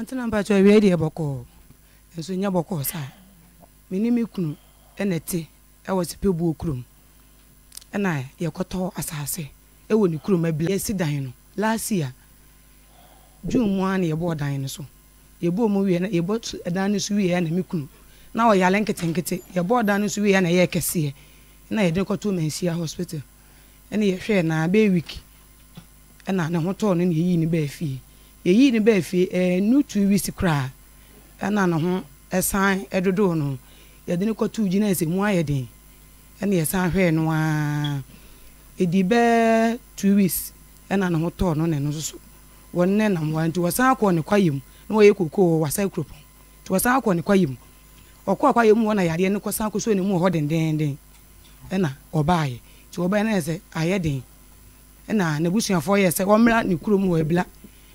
antena mpacho ewe de boko nso nya boko sa mini me kunu ene te e wo sepe bu okrum ena ye koto asase e wo ni krum abli esi dan no last year june mu an ye bo dan no so ye bo mu wie na ye bo dan no so wie na me kunu na wo yale nkete nkete ye bo dan no so wie na ye kese na ye de koto mensia hospital ene ye hwe na be week ena ne ho to no ne yi ni ba fie yɛyii no baa fie ɛnu two koraa ɛna ne ho ɛsan ɛdodo no yɛde no kɔtoo gyina ɛsɛ mu ayɛ den ɛna yɛsan hwɛɛ ne ho no soso nam nti ne na wɔyɛ kokoo wɔ asa kuropɔn nti ne na yadeɛ no kɔsan akɔsɔ mu dendenden nti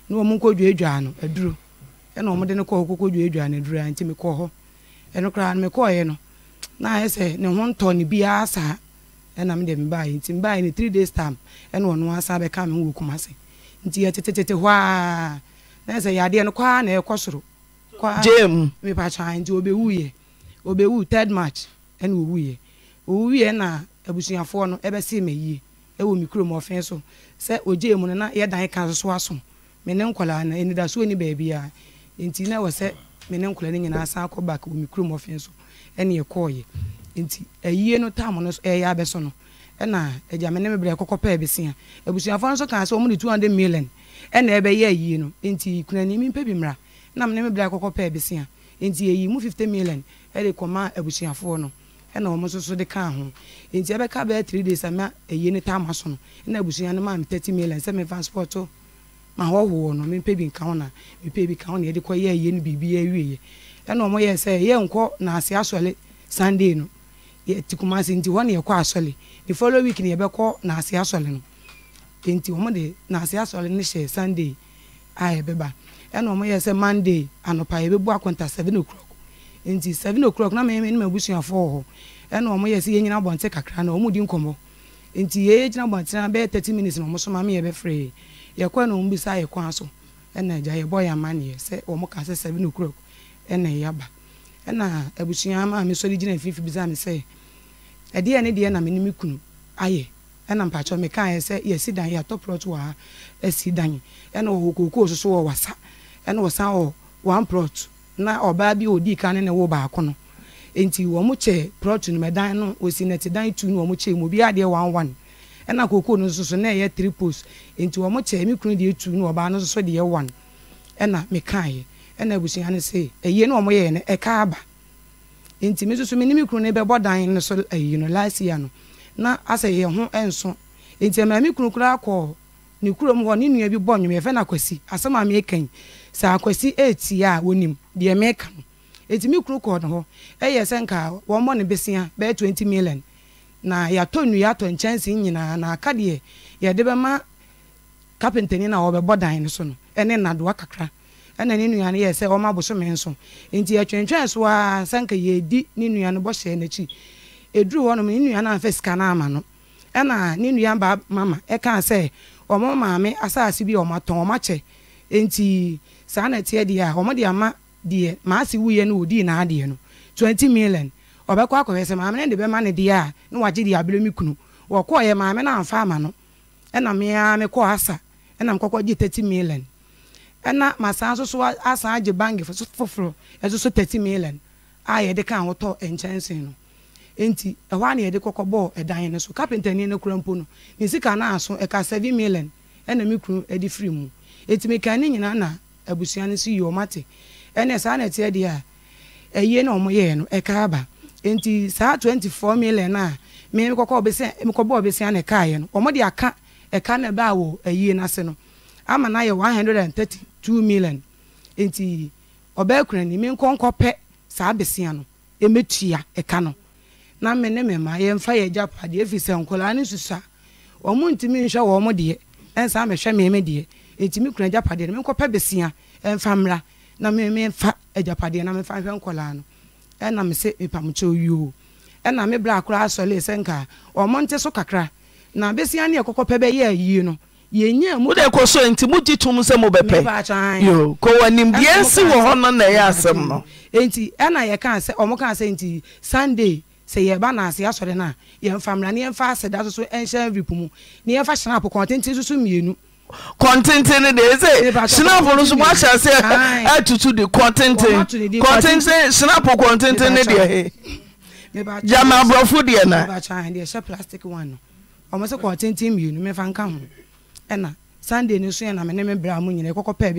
na wɔn nkɔdwadwa no aduro ɛna wɔn de no kɔɔ kɔkɔdwadwa no aduro nti mekɔɔ hɔ ɛno koraa no mekɔɔeɛ no na ayɛ sɛ ne ho ntɔ ne biara saa ɛna nti three days ɛna ɔno asa bɛka wɔ nti na yɛ sɛ yadeɛ no kwaa na ɛkɔ soro kwaa mepatwa nti obɛwuyɛ obɛwu third march ɛna na abusuafoɔ no ɛbɛsee ma yie ɛwɔ me kurom ɔfɛn mene ne nkwadaa no anidasoɔ ni baabi a nti na wɔ sɛ me ne nkwadaa no nyinaa san akɔ back wɔ me kurom ɔfe so ɛne ɛkɔɔyɛ nti ayie no tam no ɛyɛ abɛso no ɛna agya me ne me brɛ kɔkɔ pɛɛ bɛsia abusuafoɔ nso kaa sɛ wɔn de two hundred million ɛna ɛbɛyɛ ayie no nti kunani mi mpɛ bi mmra na mene ne me brɛ kɔkɔ pɛɛ bɛsia nti ayi mu fifty million ɛde kɔma abusuafoɔ no ɛna wɔn nso so de kaa ho nti ɛbɛka bɛyɛ three days ama ayie no tam aso no ɛna abusua no maa me thirty million sɛ me fa sport to. ma hɔhoɔ no mepɛ bi nka ho na mepɛ bi ka ho na yɛde kɔ yɛ yie no biribi awieɛ ɛna ɔmo yɛ sɛ na naase asɔle sunday no yɛte kumase nti hɔ ne yɛkɔ asɔle the following week ne yɛbɛkɔ naase asɔle no nti ɔmo de na naase asɔle no hyɛ sunday a yɛbɛba ɛna ɔmo yɛ sɛ monday anɔpa yɛbɛbu akɔnta seven o'clock nti seven o'clock na mɛmɛ ne ma busuafoɔ wɔ hɔ ɛna ɔmo yɛ sɛ yɛnyina abɔnten kakra na ɔmo di nkɔmɔ nti yɛyɛ gyina abɔnten bɛyɛ na ɔmo yɛ yɛkɔ na bisa yɛ kwan so ɛna agya yɛbɔ yɛ ama neɛ sɛ sɛ o'clock ɛna yɛaba ɛna abusua maame so de gyina mfimfini sɛ ɛdeɛ ne deɛ na me ne kunu ayɛ ɛna mpakyɛ yɛ dan yɛatɔ plot ɛna kookoo soso ɛna wɔ one plot na ɔbaa bi odi kan ne ne baako no plot ɛna kokoo no nsoso na ɛyɛ three post nti wɔn kyɛ mi kunu deɛ two na ɔbaa no nso deɛ one ɛna mekaeɛ ɛna abusua no sɛ ɛyie no wɔn yɛɛ no ɛka aba nti mi nsoso mi ne mi kunu no bɛbɔ dan no so ɛyi no last year no na asɛ yɛn ho ɛnso nti maame kunu koraa kɔɔ ne kurom hɔ ne nua bi bɔ nnwom yɛfɛ no akwasi asɛm a meekan sɛ akwasi ɛɛti a wɔnim deɛ meeka no ɛti me kunu kɔɔ no hɔ ɛyɛ sɛ nka wɔmmɔ ne besea bɛyɛ 20 million na yɛatɔ nnua atɔ nkyɛnse nyinaa na aka deɛ yɛde bɛma kapentani na ɔbɛbɔ dan no so no ɛne nnadoa kakra ɛna ne nua no yɛ sɛ ɔma abosome nso nti yɛtwentwɛn so a sanka yɛdi ne nua no bɔhyɛ n'akyi ɛduru hɔ nom ne nua no amfa sika no ama no ɛna ne nua ba mama ɛkaa sɛ ɔmo maame asase bi ɔmatɔn ɔmakyɛ nti saa na ɛteɛ deɛ a ɔmo de ama deɛ maase wuyɛ no wɔdii n'adeɛ no twenty million ɔbɛkɔ akɔhwɛ sɛ maame no de bɛma ne deɛ a na wagye deɛ aberɛ me kunu wɔkɔɔyɛ maame no amfa ama no ɛna mmea mekɔɔ asa ɛna mekɔkɔ gye 30 million ɛna saa nso so asan agye bank foforɔ ɛso so 30 e million a yɛde ka wotɔ nkyɛnsee no nti ɛhɔ e a na yɛde kɔkɔ bɔɔ ɛdan e no so kapentani no kura mpo no ne sika no aso ɛka 7 million ɛna me kunu ɛde firi mu ɛti meka ne nyinaa na abusua no so yi ɔmate ɛnɛ saa na ɛteɛ deɛ a ɛyie na ɔmo yɛɛ no ɛka aba nti saa twenty four million a mmea mekɔkɔ ɔbɛsia mekɔbɔ ɔbɛsia na ɛka ayɛ no wɔn de aka ɛka na ɛbaa wɔ ayie n'ase no ama na one hundred and thirty two million nti ɔbaa kura ni mi nkɔnkɔ pɛ saa bɛsia no emetua ɛka no na mme ne mmɛma yɛmfa yɛ gya padeɛ efi sɛ nkɔlaa ne susua wɔn ntumi nhwɛ wɔn deɛ ɛnsa mɛhwɛ mmɛma deɛ ntumi kura gya padeɛ no mi nkɔpɛ bɛsia ɛnfa mmra na mmɛma fa gya padeɛ na mmɛfa hwɛ nkɔlaa no ɛna me se mpamokyɛ oyi o ɛna me bra akora asɔre sɛ nka ɔmo nte so kakra na besia ne ɛkɔkɔ pɛ bɛyɛ ayie no yɛnyɛ mu. wode kɔ so nti mogye tom sɛ mobɛpɛ yo kɔwɔ nimdeɛ wɔ hɔ no na ɛyɛ asɛm no enti ɛna yɛkaa sɛ ɔmo kaa sɛ nti sunday sɛ yɛba na ase asɔre no a yɛmfa mmara ne yɛmfa aseda so so ɛnhyɛ ripu mu ne yɛmfa hyɛn apokɔntenten so mmienu kɔntenten e no eze sinapu hyenapo no so moahyɛ sɛ atutu de kɔntenten kɔntenten hyenapo kɔntenten no deɛ he gyama aborɔfo deɛ nadeɛhyɛ plastic sɛ kɔntenten mmienu mefa nka ho ɛna sunday no so ɛna me ne me brɛ mo nyina yɛkɔkɔ pɛɛ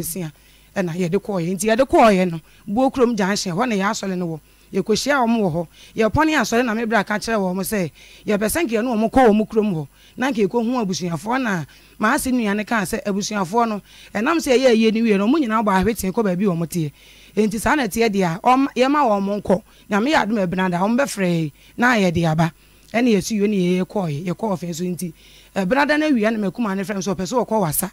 ɛna yɛde nti yɛde no buo kurom hɔ yɛ asɔre no wɔ yɛkɔhyia wɔn wɔ hɔ yɛpɔne asɔre na mebra ka kyerɛ wɔn sɛ yɛpɛ sɛ nkeɛ no wɔn kɔ wɔn kurom hɔ na nkeɛ kɔhu abusuafoɔ na maase nnuane kaa sɛ abusuafoɔ no ɛnam sɛ ɛyɛ ayie no wie no wɔn nyinaa bɔ ahwete kɔ baabi wɔn teɛ nti saa na ɛteɛ deɛ yɛma wɔn nkɔ nyame yɛ adum ɛbena da wɔn bɛfrɛ na yɛ de aba ɛne yɛsi yie ne yɛkɔɔ yɛkɔɔ fɛ so nti ɛbena da no awia no mɛkuma ne frɛ nso ɔpɛ wasa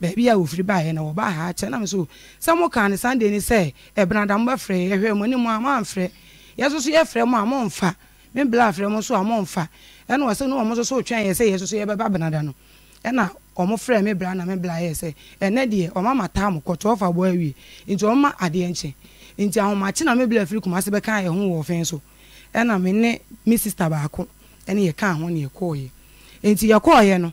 baabi a wɔfiri baeɛ no wɔba ha kyɛ nam so sɛ moka ne sunday ni sɛ ɛbenada mobɛfrɛ yɛhwɛ mu ne mu a mamfrɛ yɛ so so yɛfrɛ mu a momfa mebla afrɛ mu so a momfa ɛna ɔsɛ ne ɔmo so so twɛn yɛ sɛ yɛ so so yɛbɛba benada no ɛna ɔmo frɛ me bra na me bra yɛ sɛ ɛnɛ deɛ ɔma ma taa mo kɔtɔ ɔfa bɔ awie nti ɔma adeɛ nkyɛn nti ahomakye na me bra firi kumase bɛka yɛ ho wɔ fɛn so ɛna me ne me sista baako ɛne yɛka ho ne yɛkɔɔyɛ nti yɛkɔɔyɛ no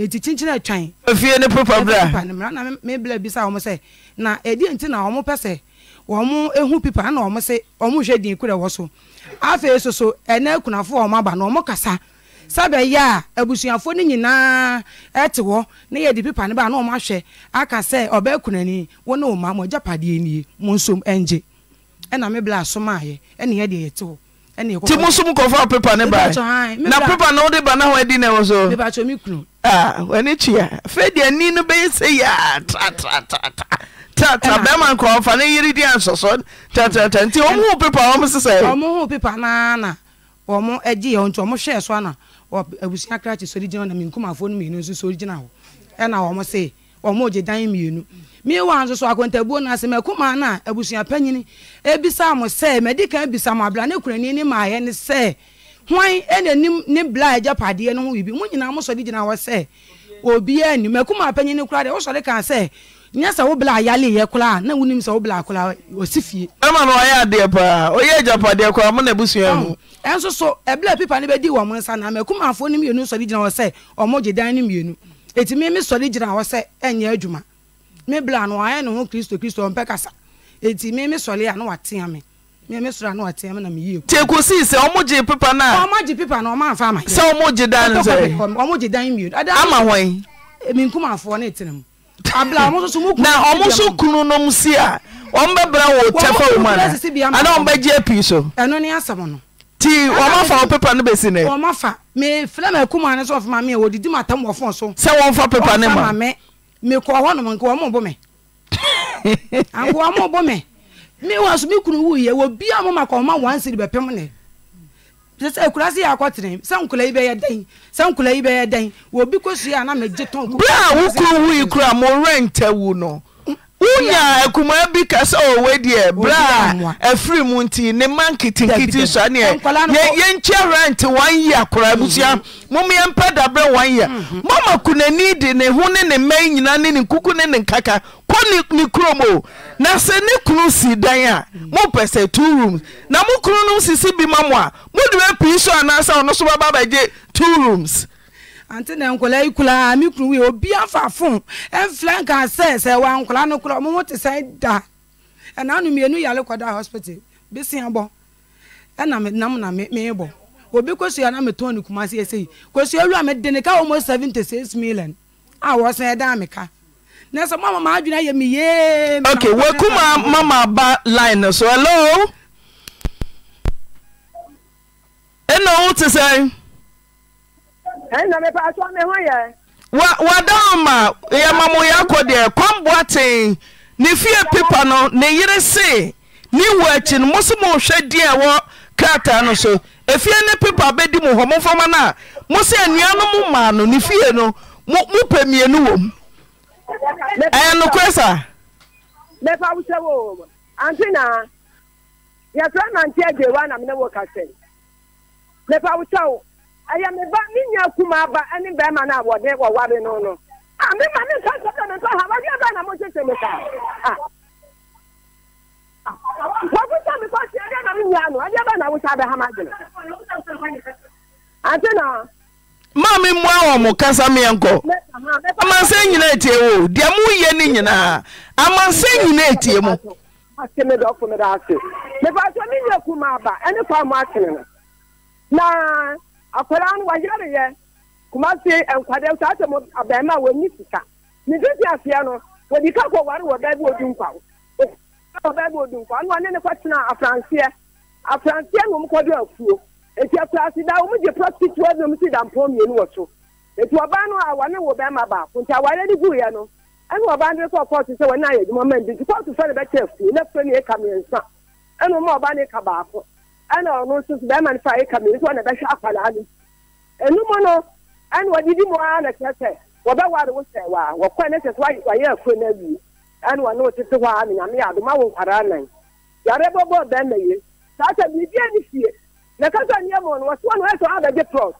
ɛnti kyikyina atwan efie ne pepa bra ne mmara na mebla bisa wɔm sɛ na ɛdeɛ nti na ɔmo pɛ sɛ wɔmo ɛhu pipa na ɔmo se ɔmo hwɛ din korɛ wɔ so afei so so ɛnɛ akunafo aba na ɔmo kasa sábẹ yá a abusuafo nyinaa ɛte hɔ ne yɛ de pipa ne ba na ɔmo ahwɛ aka sɛ ɔbɛ kunani wɔn na ɔmo amɔ gyapadeɛ nie mo nso ɛngye ɛna mebla asom ayɛ ɛne yɛ deɛ yɛte hɔ ti mo so mu kɔfa pepa ne ba na pepa na wode ba na hɔ adi na ɛwɔ so w'ani ya afei deɛ ani no bɛyɛ ta ta ta tatatata tata bɛrima nkɔɔfa ne yere di ansɔsɔ ta nti ɔmo ho pepa ɔmo sesɛ ɔmo ho pepa naana ɔmo agye yɛ nti ɔmo hwɛɛ so ana abusua krakye sori gyina hɔ na menkumafoɔ no mmienu nso sori gyina hɔ ɛna ɔmo se wɔn ogye dan mmienu miwa nso so akwantabuo na asɛm ɛkuma na abusua panyin ebisa mo sɛ mɛdi ebisa mo abira ne kurani ne maayɛ ni sɛ hwan ɛna nim ne bla agyapadeɛ no ho bibi mo nyinaa mo sɔre gyina hɔ sɛ ni, nim ɛkuma panyin ne kura deɛ wɔsɔre kan sɛ nyɛ sɛ wo bla ayale yɛ koraa na wonim sɛ wo bla koraa osi fie. ɛma na ɔyɛ adeɛ paa ɔyɛ agyapadeɛ koraa mo na ebusua mu. ɛnso so ɛbila pipa ne bɛ di wɔn nsa na mɛkuma afo ne mmienu sɔre gyina hɔ sɛ ɔmo gye dan ne mmienu eti mi mi sɔre gyina hɔ sɛ ɛnyɛ adwuma mi bla no ayɛ ne ho kristo kristo ɔmpɛ kasa eti mi mi sɔre a na watea mi mi mi sɔre a na watea mi na mi yie. teku sii sɛ ɔmo gye pepa na. ɔmo gye pepa na ɔmo anfa ama. sɛ ɔmo gye dan nzɔ yi ɔmo dan mienu. ama wɔn. mi nkumanfoɔ ne tena mu. abla ɔmo soso mu kunu. na ɔmo so kunu nom si a ɔmo bɛ bra wɔ tɛfɛ wɔn na ana ɔmo bɛ so. ɛno ni asɛm ti wɔma fa wo pepa no bɛsi nɛ wɔma fa mefrɛ ma akuma ne sɛ ɔfama me a wɔdidi ma tam wɔfon so sɛ fa pepa ne ma me mekɔɔ hɔ nom nka wɔma bo me anka wɔma bo me me wɔ so me kunu wuyɛ wɔbia mo ma kɔ ɔma wansiri bɛpem ne sɛ sɛ akura se yɛ akɔtene sɛ nkula yi bɛyɛ dɛn sɛ nkula yi bɛyɛ dɛn wɔbi kɔsua a na megye tɔn berɛ a wo kunu wuyi kora mo rɛntɛ wu no wonya akumaa bi ka sɛ oh, ɔwei deɛ berɛ a afiri mu nti ne ma nketenkete sua neɛ yɛnkyia rent wan yia koraa busua mom yɛmpɛ daberɛ wan yia mama ni de ne ho ne ne mma nyina ne ne nkuku ne ne nkaka kɔ ne kurom o na sɛ ne kunu si dan a mopɛ sɛ two rooms na mo kunu nom sisi bi ma mo a mode bɛpii so anaasɛ ɔno so bɛba bɛgye two rooms ante na nkɔla ikula kula mi kun wi obi afa fun ɛnfilɛ e nka sɛ sɛ wa nkɔla no kura ɔmo te sɛ da ɛna e anu mienu yale kɔda hospital bi si abɔ ɛna e nam na mi bọ obi kosua na mi tɔn ne kuma se ese yi kosua wura mi deni ka almost seventy six million a wɔsɛn ɛdan mi ka na sɛ mo mama adwina yɛ mi yee. ok wakuma mama ba line no so hello ɛna o te sɛ. wadama yɛmamoyɛ akɔdeɛ kɔmboaten ne fie pepa no ne yere se ne wɔ akyi no mo so mohwɛ din a wɔ krataa no so ɛfie ne pepa bɛdi mo hɔ momfama no a mo sɛ anua no mo maa no ne fie no mopɛ mmienu wɔ m ɛyɛ nokorɛ sa mɛfa wo sɛ wɔ ante na yɛfrɛ nante agyewa na mene wɔ kasɛm mɛfa wo sɛ wo ɛyɛ me ba me nya kuma ba ɛne bɛrima no a wɔde wɔware no no a ah, ma me ha na mokyekye me ka wɔbusa kɔ na menyaa no ɛdeɛ bɛɛ na wosa bɛha ma na maa mi mu mo kasa miɛ na. amansan nyinaa wo deɛ mo yɛ nyinaa amansan nyinaa aba ɛne mo na akwadaa no wɔyare yɛ kumasi nkwadaa eh, saa sɛ mo abɛɛma a wɔnyi sika ne didi aseɛ no wɔdi ka kɔ wari wɔ bɛɛ odi nkwa wɔ no ne afranseɛ afranseɛ na wɔn kɔdo afuo eti afranse da gye prostitute na mmienu wɔ so eti ɔbaa no a baako nti gu yɛ no ɛna ɔbaa no kɔ sɛ edwuma mɛ ɛna ɔno nso so bɛrima no fa ayɛ kame nso ɔna bɛhwɛ akwadaa no enum no ɛna wɔdidi mu ara na kyerɛ sɛ wɔbɛware wo sɛ wa wɔkɔ ne kyerɛ sɛ wɔayɛ afuro no awie ɛna wɔne wo tete hɔ ara na nyame yɛ adoma wo nkwadaa nan yare bɔbɔ bɛrima yie saa sɛ biribia ne fie na kasa nneɛma no wɔso ɔno ɛsɛ ɔabɛgye prɔt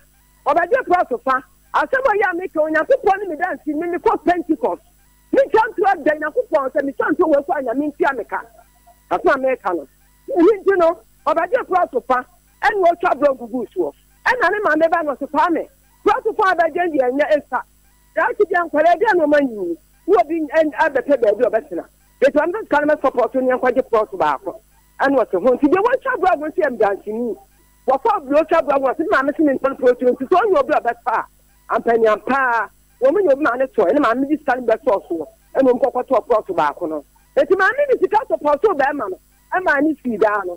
ɔbɛgye prɔt fa asɛm a yɛ a meka onyankopɔn no me dansi me mekɔ pentecost mekyɛ ntorɔ da nyankopɔn sɛ mekyɛ ntorɔ wɔafu a nyame ntua meka asoma meka no ɛni nti no ọbàdìẹ kura sopa ẹni otwa bro gugu soɔ ɛna ne maame ba no sopa mi kura sopa abɛgye deɛ ɛnyɛ nsa yaasi deɛ nkwadaa deɛ na ɔma nyini ne obi abɛpɛ baabi ɔbɛtena etu ɔmo sika no bɛ sɔpɔtɔ ne nkɔgye pɔtɔ baako ɛna ɔte ho nti deɛ wɔtwa bro agu nso yɛ mbrantini wɔfɔ bro twa bro agu nso maame si ne nsa no pɔtɔ nti sɛ ɔnyɛ obi ɔbɛtɔ a ampanyam paa wɔn mu nyɛ obi maame tɔ ɛna maame bi sika no bɛ tɔ soɔ ɛna ɔmo kɔkɔ tɔ pɔtɔ baako no etu maame bi sika tɔ pɔtɔ bɛrima no ɛma ne si daa no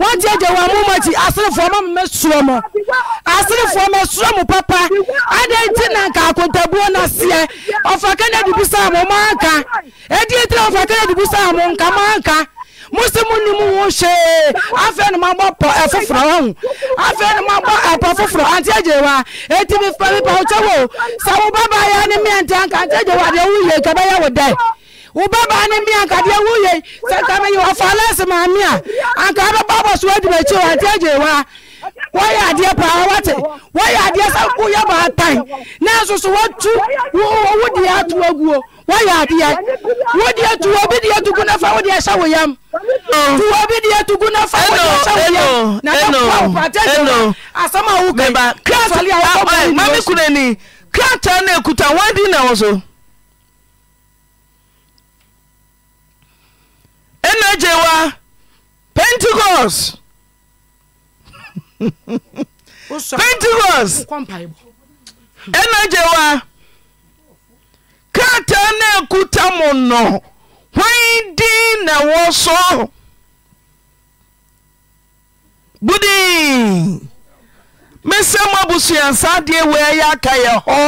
wɔgyegye wɔ mo makyi aserefoɔ ma mɛsoro mo aserefoɔ mɛsoro mo papa adɛn nti na nka akontabuo no aseɛ ɔfa kennedy bisaa mo moanka ɛdie tira ɔfa kennedy bisaa mo nka moanka musi mu ni mu wo hwee afei na mabɔ pɔ ɛfoforɔ ɔho afei na mabɔ ɛpɔ foforɔ ante agyewa eti mi fa mi pa ɔkyɛ wo sɛ wo ba ba ya ne mmea ntanka ante agyewa deɛ woyɛ kabɛyɛ wo dɛ wo bɛba ne me anka deɛ woyei sɛ nka meyɛ wɔfalɛse maame a anka bɛba bɔ so adi makyi wante agye wa wɔyɛ adeɛ paa wate wɔyɛ adeɛ sɛ woyɛ baatan nanso so watu wo deɛ ato aguo wɔyɛ adeɛ wo deɛ tu obi deɛ tugu na fa wo deɛ hyɛ wo yam tu obi deɛ tugu na fa wo deɛ hyɛ wo yam na yɛ kɔ awo pate de asɛm a wo kai kí asɔli a wɔ bɔ mu ni nyɛ so. mami kunani kí ata na ekuta wɔn di na wɔ so. ɛnɔ agy wa pentcspentecos ɛnɔ agya wa kaataa na akuta mo nɔ hɔi din na wɔ so budin mesɛm abusuaansa deɛ wɔayɛ aka yɛ hɔ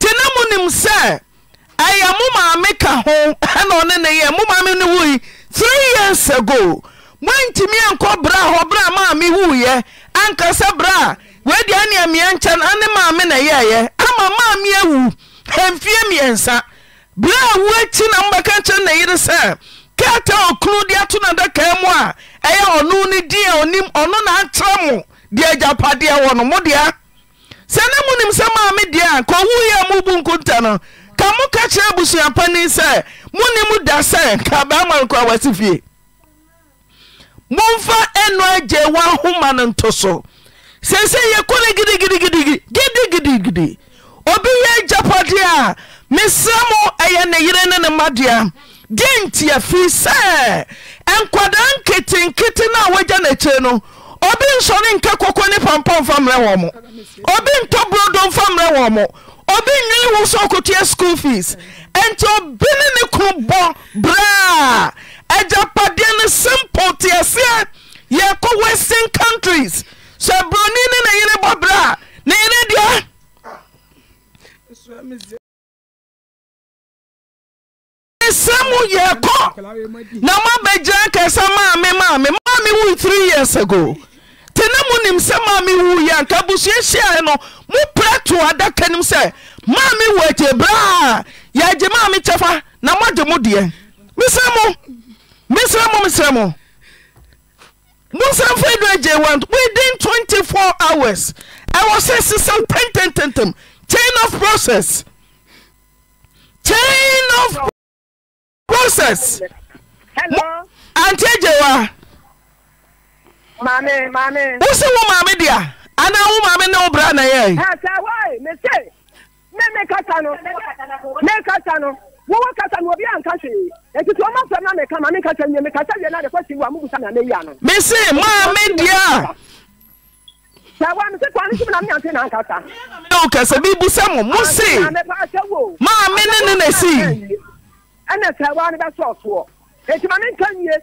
ti na monim sɛ ɛyɛ mo maame ka ho ɛna ɔne ne yɛ mo maame no wui three years ago moantimi ankɔ bra hɔ berɛ a maa me wuiɛ ankasa sɛ bra a wadi anea mmiɛ nkyɛn ane maame na ɛyɛeɛ ama maa me awu mfie mmiɛnsa berɛ a wu akyi na mobɛka kyerɛ na yere sɛ kɛta ɔkunu de ato na dakaa mu a ɛyɛ ɔno no din a ɔnim ɔno naakyerɛ mo deɛ agyapadeɛ wɔ no mo dea sɛ ne munim sɛ maa me deɛ a kɔwuiɛ a mubu nkonta no ka moka kyerɛ abusua pani sɛ mone m da sɛ kabaa mankoa wase fie momfa ɛno agye woahoma no nto so seisei yɛkɔ ne gidigidigidigi gidigidigidi obi yɛ gyapɔdeɛ a mesrɛ mo ɛyɛ ne yere ne ne madea deɛ ntia fii sɛ nkwadaa nketenkete no a woagya n'akyire no obi nsɔre nkɛ kɔkɔ ne pampɔmfa mmerɛ wɔ mo obi ntɔ borɔdom fa mmerɛ wɔ mo obi nwii wo so ɔkotua school fees ɛnti obi ne ne ko bɔ berɛa agyapadeɛ no simple teaseɛ yɛkɔ western countries sɛ buroni ne ne yere bɔ berɛ a ne yere deɛ sɛm yɛkɔ na moabɛgyina kɛsɛ maame maame maame wo three years ago te ne mo nim sɛ maa me wu yɛ anka busuahyiaɛ no moprɛ to adaka nim sɛ maa me wu agye berɛ a yɛagye maa me kyɛfa na moagye mo deɛ mesrɛ mo mesrɛ mo mesrɛ mo monsamfa adu agye want within 24 hours ɛwɔ sɛ sesam tɛntɛntɛntɛm chain of process chain of process Hello. Auntie Jewa maame maame. wosi wo maame di ana wo maame ne wo na yɛ. ɛsɛ wɔyi mɛ se ne me kasa no ne kasa no wɔwɔ kasa no obi a nka se etutu ɔmo fɛn na mɛ kama ne kasa nye mɛ kasa yɛ na de kɔ si wa mu busa na ne yia no. mɛ se maame di a. sɛwa mɛ se kɔ ani na mi na se na nkasa. ne o kasa bi busa mu mu se maame ne ne na si. ɛna sɛwa ne bɛ sɔ ɔsoɔ etu ma ne nka nye.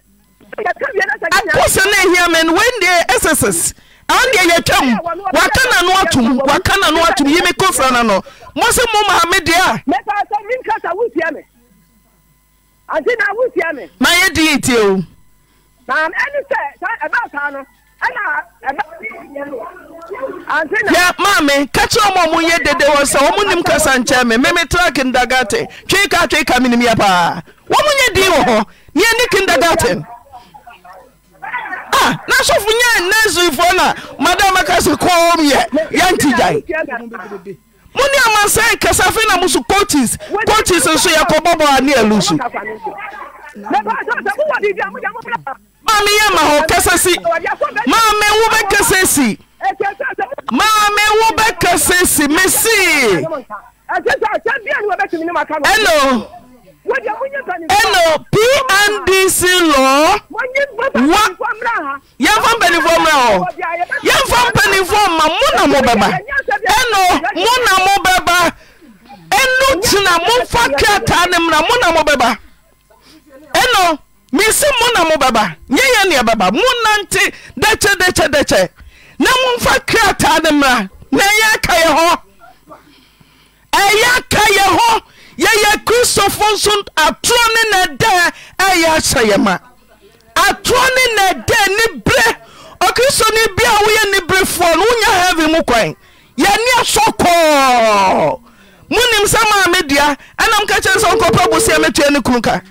akosɛ ne ɛhia me no wɛndeɛ ɛsɛsɛs anɛ yawa m waka na no atom wkana noatom yime ksana n sma medeɛ a ɛ i maame ka kerɛ mɔ moyɛ dede wɔ sɛ wɔmonim kasa nkyɛme memetra kemdaate wka ka naaan nasɔfo ah, nyɛ nasfoa na madamakase kɔɔmyɛ yantigya moneamasɛ kɛsafenamoso s s nso yɛkɔbɔbɔane alos myɛ mahɔ ɛsɛs a ɛɛsɛsi sɛn ɛno pnd c loyɛmfa mpanifɔ mera yɛmfa mpanyifoɔ ma mo namo bɛba ɛno mona mo bɛba ɛno tena momfa kra ataa ne mra monamo bɛba ɛno miso mo na mo bɛba nyɛyɛnea bɛba monante dɛkyɛ dɛkyɛ dɛkyɛ na momfa kra ataa ne mmara na ɛyɛ ka ɛ h ɛyɛ ka yɛ hɔ yɛyɛ kristofo nso atorɔ ne na ɛdɛ ɛyɛ ahyɛ yɛ ma atorɔ ne na ɛdɛ ne berɛ ɔkristone bia a woyɛ ne berefoɔ no wonya heavi mu kwan yɛne asɔ kɔɔ monim sɛ maa medua ɛnam ka kyerɛ sɛ nkɔpɛ boseɛ mɛtua ne kunu ka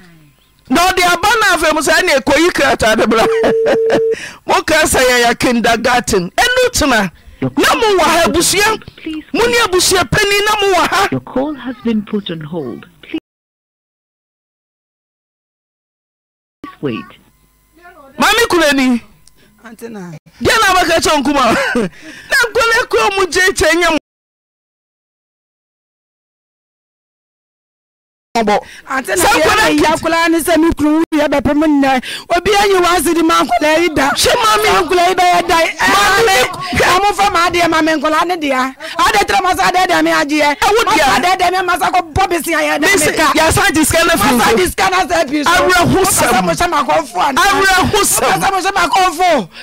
na ɔde aba no afei mu sɛ ɛne ɛkɔyi krataade bra mokaa sɛ yɛyɛ kindergarten ɛno tena namuwaha busa munbuse peni namuwaha manikuleni nakeou naklek mueye knsmek epemen obiywasdi makdamfa mad ma mka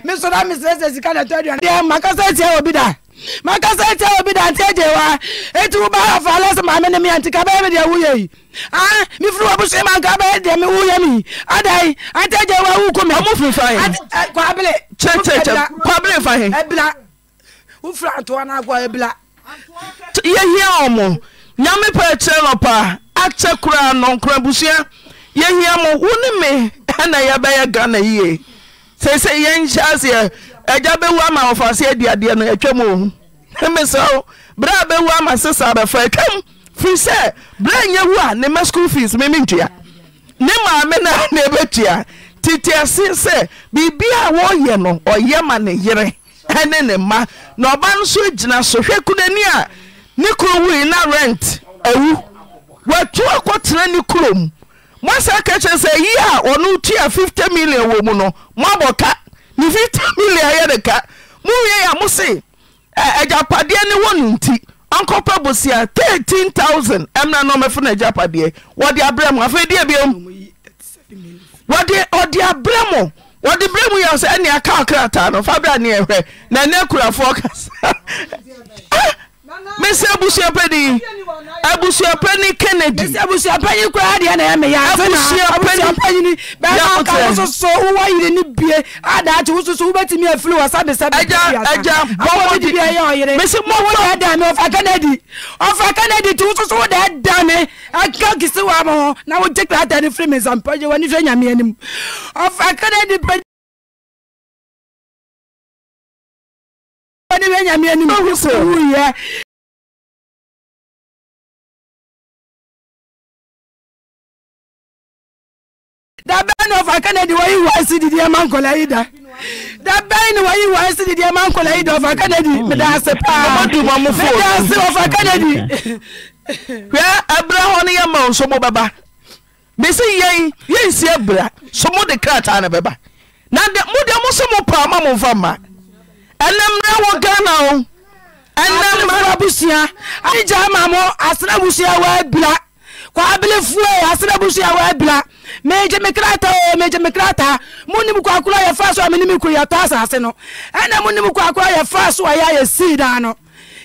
nedas saassd makasa ɛtia obi dante agye wa ɛti wo baa fa lɛ sɛ maame ne mea nti ka bɛyɛ me yi a mefiri wɔ bosoe ma nka bɛyɛ deɛ me woyɛ me adai ante agye wa wo ɔmo firi fa kwabele kwabele fa antoa no yɛhia ɔmo nyame pɛ kyerɛ no busua yɛhia mo wo ne me ɛna yɛbɛyɛ ghana yie sɛ sɛ yɛnhyɛ aseɛ agya bɛwu ama wɔfaase adiadeɛ no atwam ohu mesɛ wo berɛ a bɛwu ama sesa bɛfa atwam firi sɛ berɛ nyɛ wu a ne ma school fees me mentua ne maame no a ne ɛbɛtua titiase sɛ biribia a wɔyɛ no ɔyɛ ma ne yere ɛne ne mma na ɔba no so gyina so hwɛ kunani a ne kuro wui na rent awu watu akɔtena ne kurom moasa ka kyerɛ sɛ yi a ɔno tua 50 million wɔ mu no moabɔ ka ne fifty million yɛ de ka muwie a mo se agyapadeɛ ne wɔ no nti ɔnkɔpɛ bosia thirteen thousand ɛmna na ɔmɛfo no agyapadeɛ wɔde abrɛ mu afei deɛ biom wɔde ɔde abrɛ mu wɔde brɛ mu yɛ sɛ ɛnea ka krataa no fa bra neɛ hwɛ na ɛnɛ kurafoɔ kasa mɛsɛ abusuapɛni abusuapɛni kennedy. mɛsɛ abusuapɛni kura adiɛ na ɛmɛ yan. abusuapɛni bɛɛ b'a kan wososo wowɔ yiri ni bie a da ti wososo wo ti mi efiri wa sabi sabi. ɛja ɛja bɔwɔ di mɛsɛ mɔwɔ yɛ da mi ɔfa kennedy ɔfa kennedy ti wososo wo da yɛ da mi ɛka kisi wa ma hɔn na wo jɛ kila ta ni firi mi zanpɛji wa ni fɛ ɲamiya ni mu ɔfa kennedy pɛ. abra hɔne yɛ mao hmm. so mo bɛba mese yesia bra so modekrata ne bɛba modmoso mo pa mamofama ɛnɛ wo wɔ ghana o ɛnɛ mmerɛ abusua agya ama mo asena abusua wɔ abira kɔ abelefue asena abusua wɔ abira megye me krata o megye me krata monim kwakoro a yɛfa so a menim kuro yɛtɔ asase no a yɛfa so a yɛ a yɛsii daa no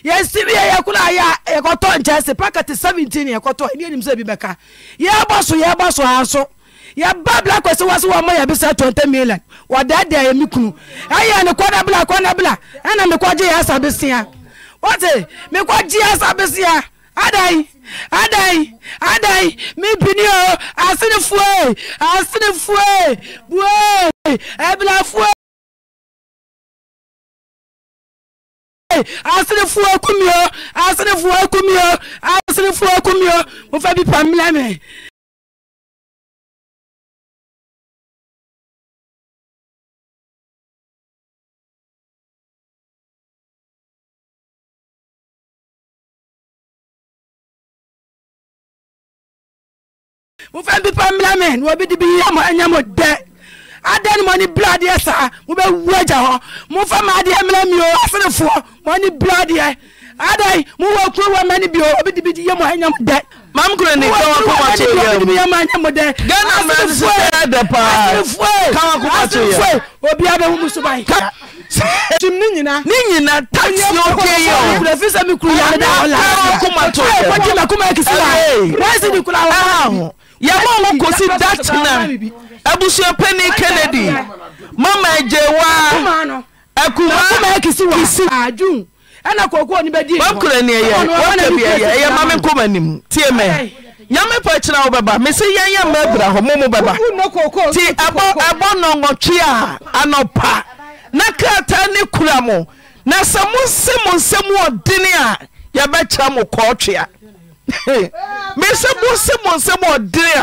yɛsi bi yɛ yɛkoro a a yɛkɔtɔ nkyɛnse pakɛte 17 yɛkɔtɔ ɛni anim sɛ bi bɛka yɛbɔ so yɛbɔ so ara yɛba black kɔsi wɔ so wɔ ma yɛbisa twenty million wɔdaadaa yɛ mi kunu ɛyɛ ne kɔda bla kɔda bla ɛna mekɔgye yɛ asa besia wɔte mekɔgye yɛ asa besia adan adan adan mi bini o asinifue asinifue bue ebilafue asinifue kumio asinifue kumio asinifue kumio mo fẹ́ bi pamilẹ mi. fapipe belm be dbiyo yam de eon b s m m e s yɛma ho kosi da tena abusua pɛni kenedy mama agyewaa akumɛɛann nyamepɛ kyerawo ɛba mese yɛyɛ mabrahɔ m ba ti ɛbɔ nɔɔtwe a anɔpa na krataa ne kura mo na sɛ mo nse mo nsɛmuɔdene a yɛbɛkyea mo kɔtwea mesɛ bo sɛ mɔ nsɛb ɔdere a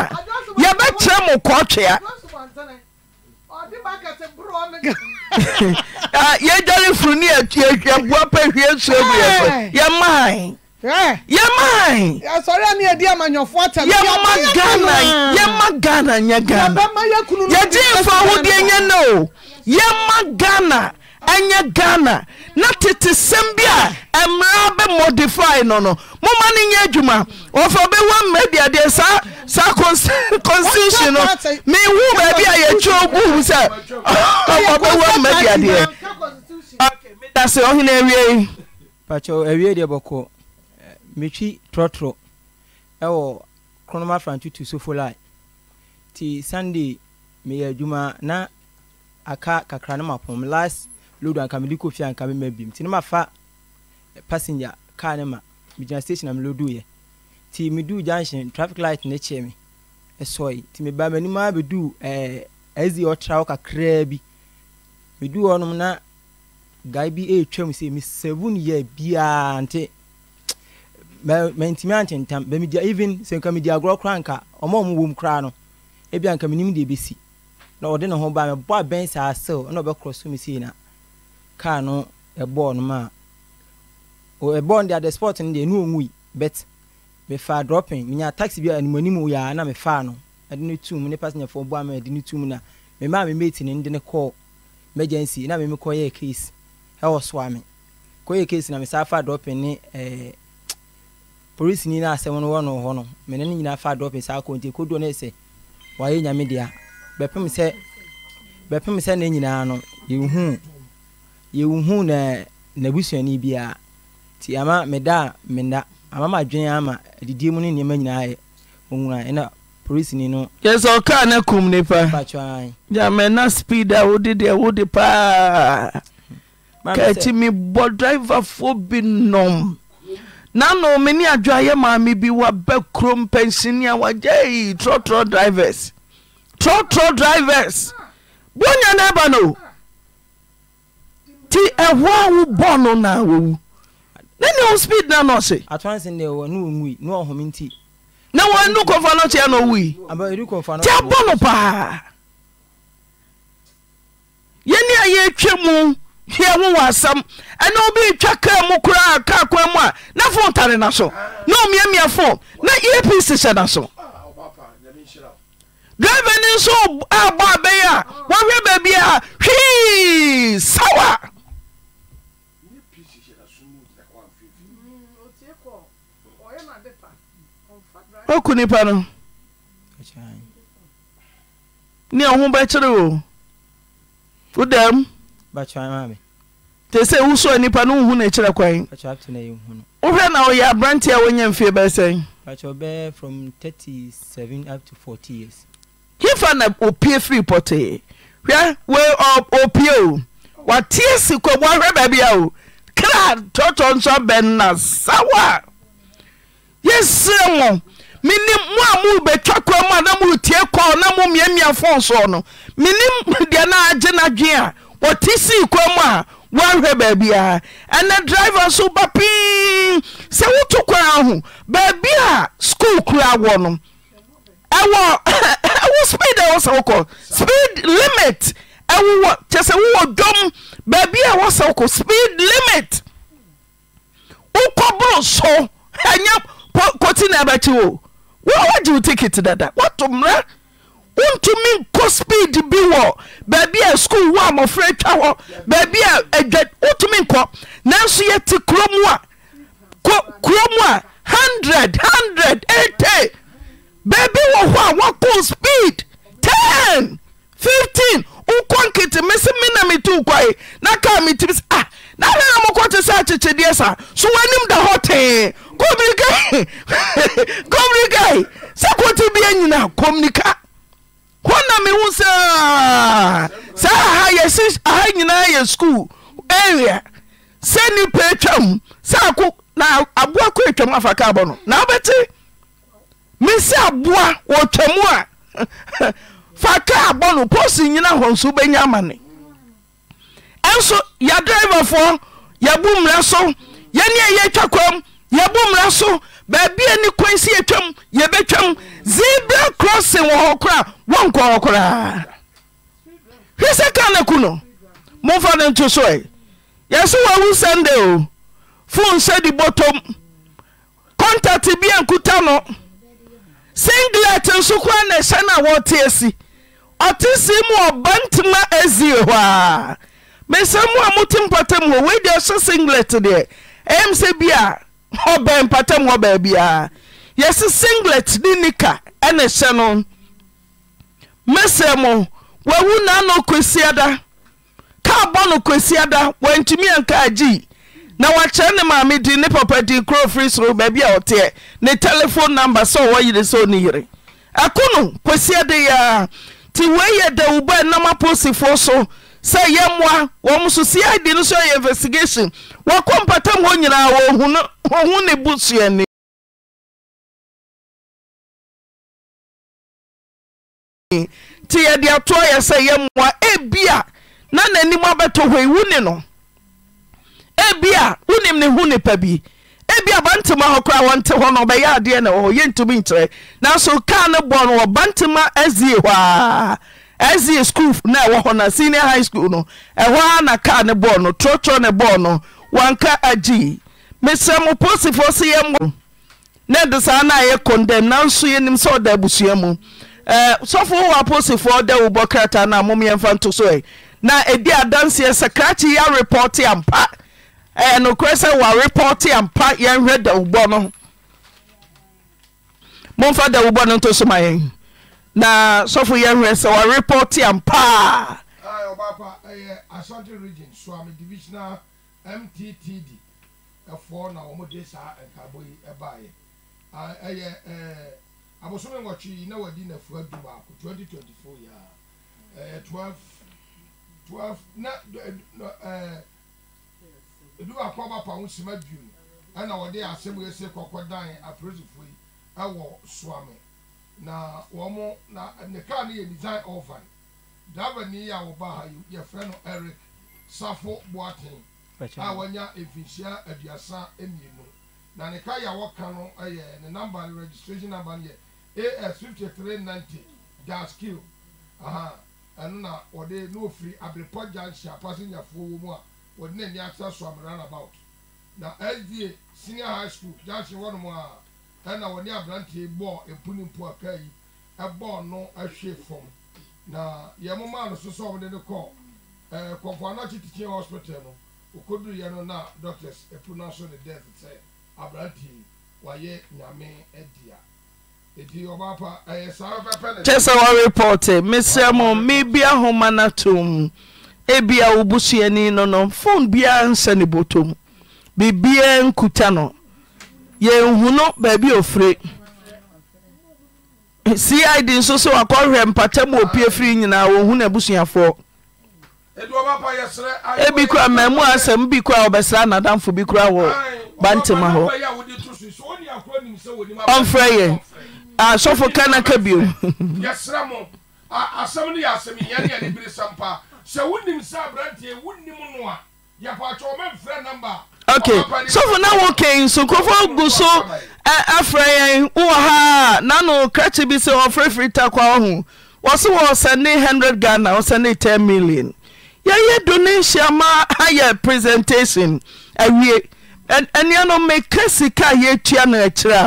yɛbɛkerɛ mo kɔtweayɛgyare ah, furu no aboa pa hwɛ suoɛ yɛmamayɛma ghana nyɛ ghana yɛgefa ahodeɛ nyɛnɛ o yɛma ghana ɛnyɛ ghana na tete sɛm bi a ɛmmara bɛ modify no no moma no nyɛ adwuma wɔfa bɛwɔ mma bi saa saa constitution no mehu baabi a yɛtwerɛ buhu sɛ wɔbɛwɔ mma bi adeɛ dase ɔhene awie yi pakyɛ awie deɛ bɔkɔ metwi trɔtrɔ ɛwɔ kronoma frantutu sofolai ti sunday meyɛ adwuma na aka kakra no mapɔm last load anka mede kɔ fie anka mema bim nti ne mafa eh, passenger car ne ma megyina station a Ti nti meduu junction traffic light ne kyɛɛ me ɛsɔe nti meba m'anim a bɛduu ɛzi eh, ɔtra hɔ kakraa bi meduu hɔnom na guy bi ɛretwa mu sɛ mesɛbu no yɛ biaa nte mantumi antentam bɛmegya even sɛ nka medi agorɔ koraa nka ɔma ɔmo wɔ mu no ebi anka menim deɛ ɛbɛsi na ɔde ne ho baa mebɔ abɛn saa sew ɛna ɔbɛkorɔ so me sei na car no ɛbɔɔ no ma a ɛbɔɔ no deɛ the sport no deɛ ɛnu onwui bet mefa dropping menya taxi bi a animanim yɛ a na mefa no ɛde no tum ne passengerfoɔ bɔ ama ɛde no tum na mema me mate no de ne kɔɔ emergency na meme kɔyɛɛ case ɛwɔ so a me kɔyɛ case na mesaa fa dropping ne ɛɛ eh, polisini na asɛm oh, no wɔ no hɔ no mene no nyinaa fa dropping saa kɔ nti kodoɔ no sɛ wayɛ nyame dea bɛpem sɛ bɛpem sɛ ne nyinaa no yɛhu yɛwuhu na n'abusuani biara nti ama meda a menda ama ma adwene ama adidie mu ne nneɛma nyinaa yɛ ɔwura ɛna polisini no. yɛsɛ ɔkaa ne kum nipa yamɛna speed a wode deɛ wode paa kɛkyi mi bɔ driver fo bi nom nano me ne adwo ayɛ maame bi wabɛ kurom pensioni a wagye yi trɔtrɔ drivers trɔtrɔ drivers bonya na ɛba no nti ɛhɔ a wobɔ no na wɔwu ne ne wo speed na nɔɔse na wɔanu kɔfa no kyeɛ na ɔwui ti abɔ no paa yɛne a yɛtwa mu hwɛ ho wɔ asɛm ɛna obi twa kaa mu koraa kaa kwan mu a na fo ntare na so na ɔmiamia fo na earpiece hyɛ na so driver ni nso abɔ abɛyɛ a wɔhwɛ baabi a hwii sawa ɔku nipa no nea wo ho bɛkyere o wodam nti sɛ wosoa nnipa no wohu no kyerɛ kwan wohwɛ na ɔyɛ aberante a wonya mfie bɛsɛn hefa na opie firi pɔtee hwɛ opie o wateɛ si kɔm baabia o kra tɔtɔ nso bɛnna sawa yɛsirɛ mo meni mo a mobɛtwa koa mu ana moɔtie kɔɔ na momia mmiafonso no menim deɛ no agyena dwen a wɔ te sii koa mu a woahweɛ baabiaa ɛnɛ drive so wba pii sɛ woto kaaho baabi a skuul kurawɔ nowɔ speed swɔ speed limit kyɛsɛ wowɔdm baabia wɔsɛ wɔ speed limitwoɔrs wwgyewotkite dada woto mra wontumi nkɔ speed bi wɔ baabi a skuul wɔ amɔfra twa hɔ baabi a awa wontumi nkɔ nanso yɛte kum a kuro m a 100100 e baabi wɔ hɔ a wokɔ speed 10 5 wkɔ nkete me se mina meti kɔi na ka metimi sɛ ah. nana na mokɔ te sɛ kyekyedeɛ saa so w'anim da hɔ tee eh. ikmnikae sɛ kote bia nyinaa kominika hɔ na mehu saa saa aɛaha nyinaa yɛ skuul aria sɛnipɛ twam sɛ na aboa kɔatwam afa kabɔ no na wobɛti mesɛ aboa wɔtwamu a fa ka abɔ no pos nyina hɔso bɛnya amane anso ya drivafoɔ yɛbu mmira so yɛne aɛyɛ twa kwam yɛbommera so baabia ni kwan si atwam yɛbɛtwam zi bera krɔsen wɔ hɔ kora nɔɔraaw ɛka swusndɛ o fo sɛdetɔm cntat bi ankuta no singlɛt nsokoa na sɛ nea wɔteasi ɔtesee mu ɔba ntema azie hɔ a msmamotetamt ɔbɛn mpatam hɔ baabiaa yɛse singlet ne nika ɛne hyɛ no mɛsɛ mo wawu naa no kwasiada kaa bɔ no kwasiada wantumi ankaa gyii na wakyerɛ ne maame din ne papa din kuro firi soro baabi a ɔteɛ ne telephone number sɛ ɔwɔ yere sɛ ɔne yere ɛko no kwasiada yi a nti wei dawuba nam aposifoɔ so sɛ yɛmmoa wɔm so cid no so ɛyɛ investigation wɔkɔ mpatam hɔ nyinaa wɔhu ne na nti yɛde atoa yɛ sɛ yɛmmoa ebia na n'anim abɛtɔ hɔ no ebia ne nipa bi hɔ koraa hɔ ɔbɛyɛ adeɛ na wɔ hɔ nkyerɛ nanso kar no bɔ no wɔ hɔ ɛsɛ e skul na ɛwɔ hɔ na senior high school no ɛhɔ a na kaa ne bɔɔ no trɔtrɔ ne bɔɔ no wanka agyi mesɛ mo posifoɔ sɛ yɛ ne de saa na ayɛ kondem nanso yɛnim sɛ ɔda abusua mu sɔfo wowɔ aposifoɔ da wobɔ krataa no momyɛmfa nto so na ɛdi adanseɛ sɛ krakye yɛ repɔte ampa ɛnokorɛ sɛ wɔarepɔte ampa yɛnhwɛ da wobɔ no momfa da wobɔ no nto so ma yɛn na sɔfo yɛ hwɛ sɛ wɔrepɔte am paa ɔbapa ɛyɛ asante region suame divisional mttd ɛfoɔ na wɔn de saa nkaabɔ yi ɛbaeɛ ɛyɛ ɛɛ abosome nwɔtwe yi na wɔdi nafu adu baako twenty twenty four yia ɛyɛ twelve twelve na ɛɛ edu akɔ ɔbapa ho sima dum ɛna wɔde asɛm yɛ sɛ kɔkɔ dan apolisifoɔ yi ɛwɔ suame na wɔn mo na ne kaa no yɛ design oven. driver ni a wɔba ha yi yɛfrɛ no eric safo boaten a wɔnya mfinhyia aduasa mmienu na ne kaa yɛ a wɔka no yɛ ne number registration number no yɛ as fifty three ninety gas kill ɛno na wɔde ne ofiri abiripɔ junction apasenyafoɔ wɔ mu a wɔde n'ani asa so amena about na sda senior high school junction wɔ no mu a ɛna wɔde aberanteɛ bɔɔ epunimpo aka yi ɛbɔɔ no ɛhwe fam na yɛn mmaa no soso a wɔde no kɔ ɛɛ kɔnfɔano akyitikyin hospital no okodu yɛ no na doctors epunu aso ne death sɛ aberanteɛ wayɛ nyame ɛdia eti ɔbaapa ɛyɛ saa pɛpɛ ne. kyɛ sɛ tom ebia obusuani no no phone biara nhyɛ ne bɔtɔ mu nkuta no. yɛnhuno baabi ofire cid nso sɛ wakɔhwɛ mpatam wɔpie firi nyinaa wɔhu no abusuafoɔ ebi koraa maamu a asɛm bi koraa wɔbɛsra anadamfo bi koraa wɔ bantema hɔ ɔmfrɛ yɛ asɔfo kanaka bio sofo no wɔkani so korfɔ gu so afrɛ yɛn wowɔ haa nano krakye bi sɛ ɔfrɛfri ta koa hu wɔse wɔ sɛnde 100ed ghana ɔsnde 10 million yɛyɛ do ne nhyiama a yɛ presentation wie nnomeka sika ɛtua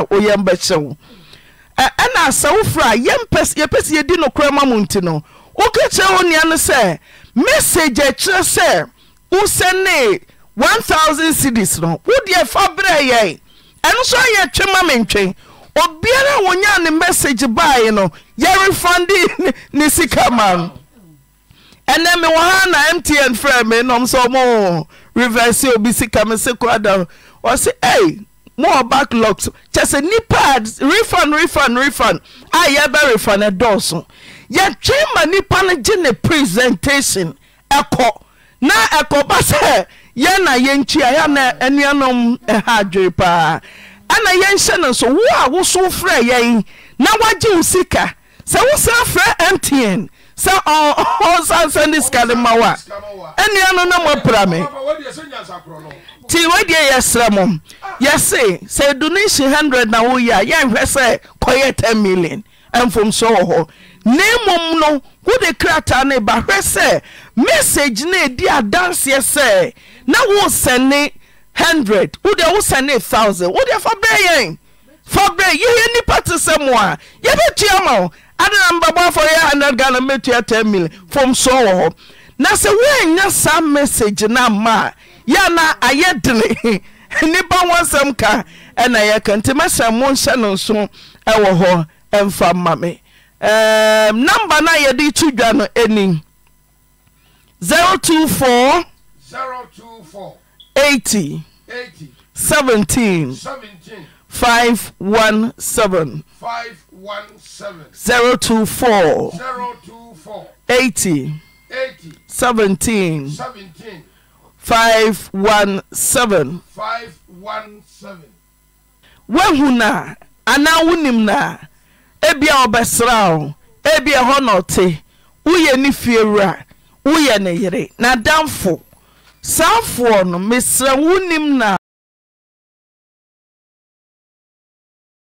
nokyerɛyɛwɛnasɛwofɛsɛno maninwokakyerɛ oneano sɛ mesage kyerɛ sɛ wosɛde 1000 cidies no wodeɛ fa berɛ yɛe ɛno nso ayɛtwema mentwɛn obiara a wonya ne message baei no yɛrefande ne sika ma no ɛnɛ mewɔ ha na mtn fɛ menɔm revsbskams kadaɔs mɔback lock kyɛr sɛ nnipaa ref rfn refn a yɛbɛrefan dɔso yɛtwe ma nnipa no gye ne presentation ɛkɔ na ɛkɔ ba sɛ yɛnna yɛnkwi a ɛ na nnuanom ha adwere paa ɛna yɛnhyɛ no nso wo a wosow frɛ yɛn na woagye wo sika sɛ wosa frɛ ɛnteɛn sɛ ɔɔsansa ne sika ne ma w a nnuanom no mopra me nnti wodeɛ yɛ serɛ mom yɛse sɛ ɛdone syi 100 na woyi a yɛ nhwɛ sɛ kɔyɛ 10 million mfom nso wɔ hɔ nna mom no wode krataa ne bahwɛ sɛ message no ɛdi adanseɛ sɛ na woresɛne 100d wo deɛ wo sɛne 0s0 wo deɛ fabrɛ yɛn fa berɛ yɛɛ nnipa te sɛ mo a yɛbɛtua ma wo ade nambaboafɔ yɛ 100 hana mɛtuataa mile fom so wɔ hɔ na sɛ woanyɛ saa message no amma a yɛa na ayɛ dene nnipa wonsɛm ka ɛna yɛka nti mɛsɛm mo nhyɛ no nso wɔ hɔ mfa ma me Ehm, namba no yɛde rekyidwa no anim ze4 ei0 sevnten 5iv 1n svn ze e sn 5 1n sv woahu noa anaa wonim noa ebia ɔbɛsra wo ebia hɔ na ɔte woyɛ ne fie wura na damfo saa afoɔ no mesrɛ wonim na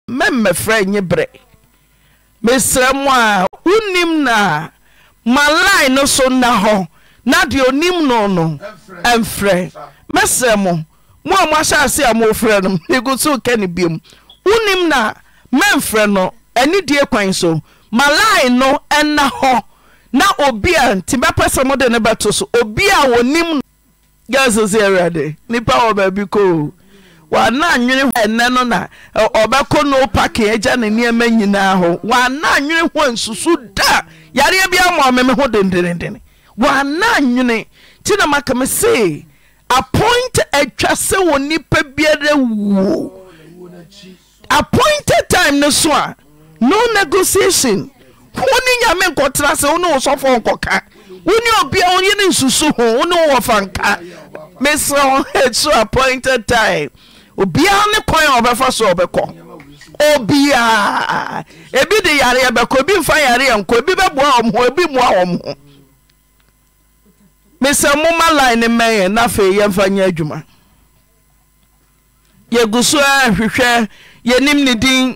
mɛmmɛfrɛ nye berɛ mesrɛ mo a wonim na ma li no so nna hɔ na deɛ onim no no ɛmfrɛ mɛsrɛ mo mo a mụ ase a moofrɛ no megu so wokɛ m biom wonim na mmemfere nọ. anidie kwan so Malai no ɛna hɔ na obi a nti bɛpɛ sɛ mode ne bɛto so obi a wɔnim gase sɛ awurade nnipa wɔ baabi kɔo wana nwene ɛnɛ no na ɔbɛkɔ no pake agya ne nneɛma nyinaa hɔ wana nwene ho ansusu da yareɛ bi ama ɔme ho dendenendene wana nwene nti na maka me se appoint atwa sɛ wɔ nnipa biara wuo appointed time no so a no negotiation wo ne nyame nkɔtena sɛ wo ne wo sɔfoɔ nkɔka wo ne obia wo yɛ ne nsusu ho wo ne wowɔ fa nka mesrɛ uh, appointed time obiara ne kwan a ɔbɛfa so ɔbɛkɔ obiara ebi de yareɛ bɛkɔ ebi mfa yareɛ nkɔ ebi bɛboa wɔn ho ebi mmoa wɔn ho mesɛ uh, moma line ne mmɛn na afei yɛmfa nyɛ adwuma yɛgu so ahwehwɛ yɛnim ne din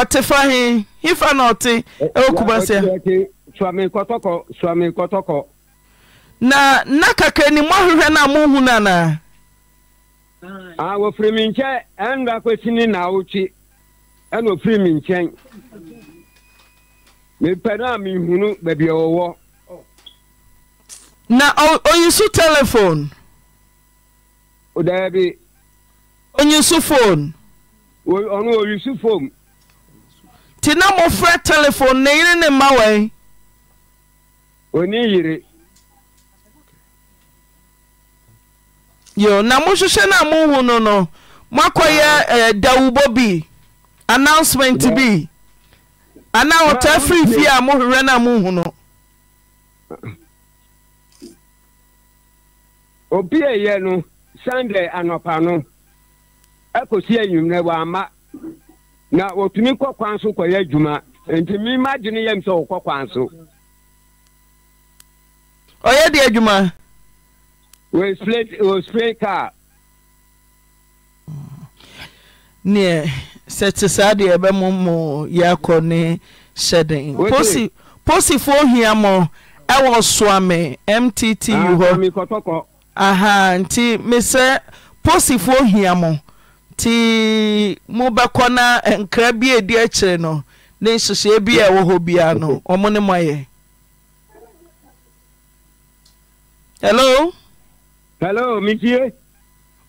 ɔte fa he hifa na ɔte ɛwɔ kumasi a. suami kɔtɔkɔ suami kɔtɔkɔ. na na kakra ni mo ahwehwɛ na mo hu na na. a wɔfiri mi nkyɛn ɛnna kwesi ni na awotwi ɛnna wɔfiri mi nkyɛn mepɛ na mi hunu baabi a wɔwɔ. na oyisu telephone. o daabi. oyisu phone. ɔno oyisu phone. nti na mofrɛ telefone na yere ne mma wai yo na mohwehwɛ no a mohu no no moakɔyɛ bi announcement bi anaa ɔtaa firifie a mohwehwɛ no a mohu no obieyɛ no sunday anɔpa no akɔsi awumnɛ wɔ ama na wɔtumi kɔ kwan so kɔyɛ adwuma nti ma gye no yam sɛ wɔkɔ kwan so ɔyɛ de adwuma wɔspray car neɛ sɛ te saa deɛ ɛbɛmo mo yɛakɔ ne hyɛden posi posifoɔ hia mɔ ɛwɔ soame mttu hɔ ah, aha nti mesɛ posifoɔ hia mɔ ti mobɛkɔ na nkra bia di akyire no ne nhyehyeɛ bia ɛwɔ hɔ biaa no ɔmo ne mayɛ elo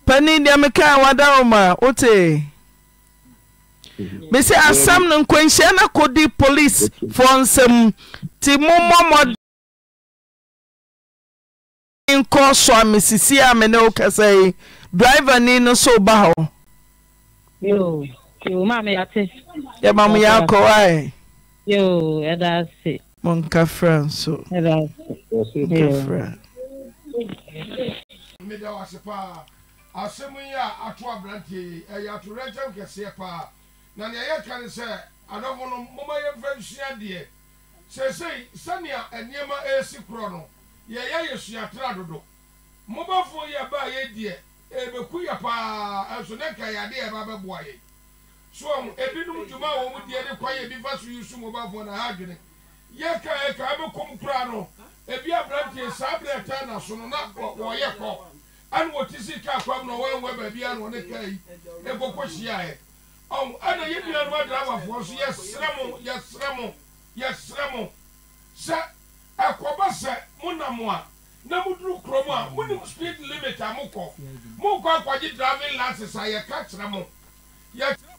pani deɛ meka wda wo ma wote mhm. mesi asɛm no nkwahyia na kɔdi police foɔ nsɛm ti mommɔmɔdnkɔ sɔ a mesisie a me ne wokɛsɛe driverni no sowba hɔ yo yo maame yate. yɛ maame yɛ akɔ wa yɛ. yo ɛda ase. mo nka fira nso. ɛda ase. nka fira. mmeda wase paa asɛm yi a ato aberante yi ɛyɛ atorɛnkyɛm kɛseɛ paa na nea yɛka ne sɛ adɔfo no moma yɛmfa nsua deɛ seesei sɛnea nneɛma ɛresi korɔ no yɛyɛ yɛ suatra dodo mobɔfoɔ yɛ baa yɛ deɛ ebeku yɛ paa ɛnso ne ka yade yɛ ba bɛboa yɛ so ɔmo ebinom dwuma a wɔn deɛ de kwan yɛ bi fa so yi so mobile phone na ha adwene yɛ ka yɛ ka ebe kom kura no ebi aberanteɛ saa aberanteɛ ta na so no na wɔyɛ kɔ ɛna wɔte si kaa kwam na wɔyɛ nwɛ baabi a na ɔne kaa yi ekoko hyia yɛ ɔmo ɛna yɛ nua no adrabafoɔ so yɛsrɛ mo yɛsrɛ mo yɛsrɛ mo sɛ ɛkɔba sɛ mo nam a na muduru kurom a munim speed limit a mokɔ mokɔ akɔgye driving license a yɛka kyerɛ mo yɛkyerɛ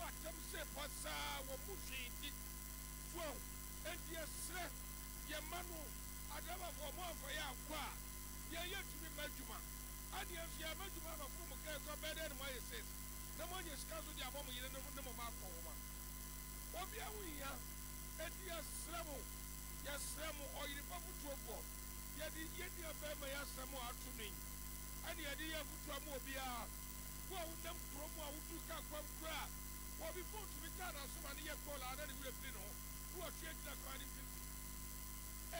to atɛm sɛ pa saa wɔ mu hwee di fo enti ɛserɛ yɛma no adamafo ɔmo amfɔyɛ akɔ a yɛyɛ tumi ma adwuma ane afie a madwuma abafo mu kaa kɔ bɛdɛ ne moayɛ sɛ na moanya sika so de abɔ mo yere ne mo ma akɔ homa obia wo hia enti yɛserɛ mo yɛserɛ mo ɔyerepa fotuo gɔ yɛde yɛdi afɛma yɛasɛ mo ato no yi ane yɛde yɛ fotua ma obiara wo a wonam kurom a wotu ka kwankura a obi fún tumi tí a nà so ma ne yɛ bɔɔl a nani wúlò fili nà hɔ ní wà tún yɛ gyina kwan ne fi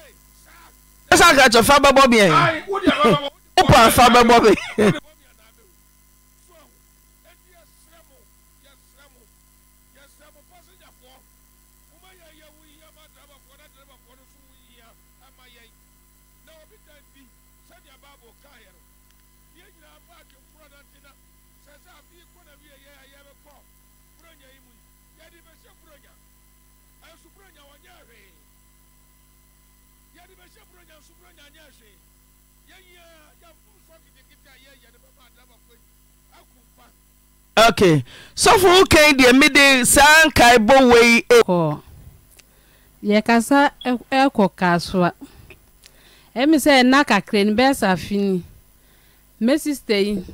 ee saa. ẹ sáà kà kyẹ fa bẹ bọ bìẹ. ayi wúdi àwọn ọmọ wọn. ó pa fa bẹ yɛde bɛhyɛ buronya ɛnso buronya wɔnyɛ hwee yɛde bɛhyɛ buronya nso buronya nyɛ hwee yɛnyia yɛmfomfoɔ kitekete a yɛyɛ no bɛma adabafo aku mpa okay sɔfo wokan deɛ mede saa nkae bɔ wei e- kɔ yɛkasa ɛkɔ e- kaasoa ɛmi sɛ ɛna kakra ni bɛyɛ sa fi ni me sista yi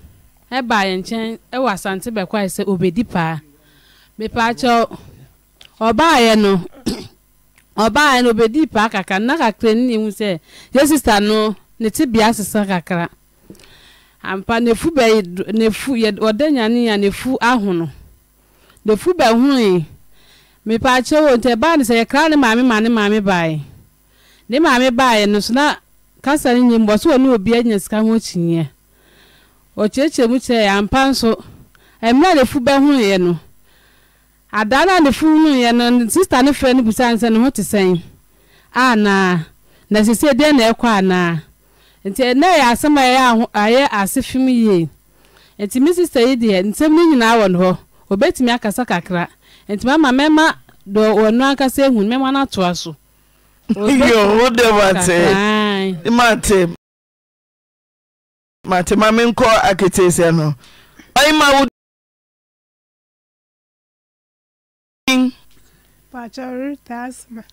ɛbaa yɛn nkyɛn ɛwɔ asante bɛkɔ ayɛ sɛ obedi paa mepaakyɛw ɔba ɛ no ɔba ɛ no ɔbɛdi paa kakra na kakrane u sɛ yɛ sia no nete ba sesa kara fu bɛho mepaakyɛ iae ɛ paso meɛ nefu bɛhoɛ no ada no ane fomuɛ no sista ne frɛ no busane sɛ ne ho te sɛn anaa na sesee deɛ na ɛkɔ anaa nti ɛnɛ yɛ asɛm ayɛ ase fem yie nti me sista yi deɛ nsɛm nyinaa wɔ hɔ akasa kakra nti mama mɛma dɔ ankasa ehu mɛma no atoa so ma itadeasma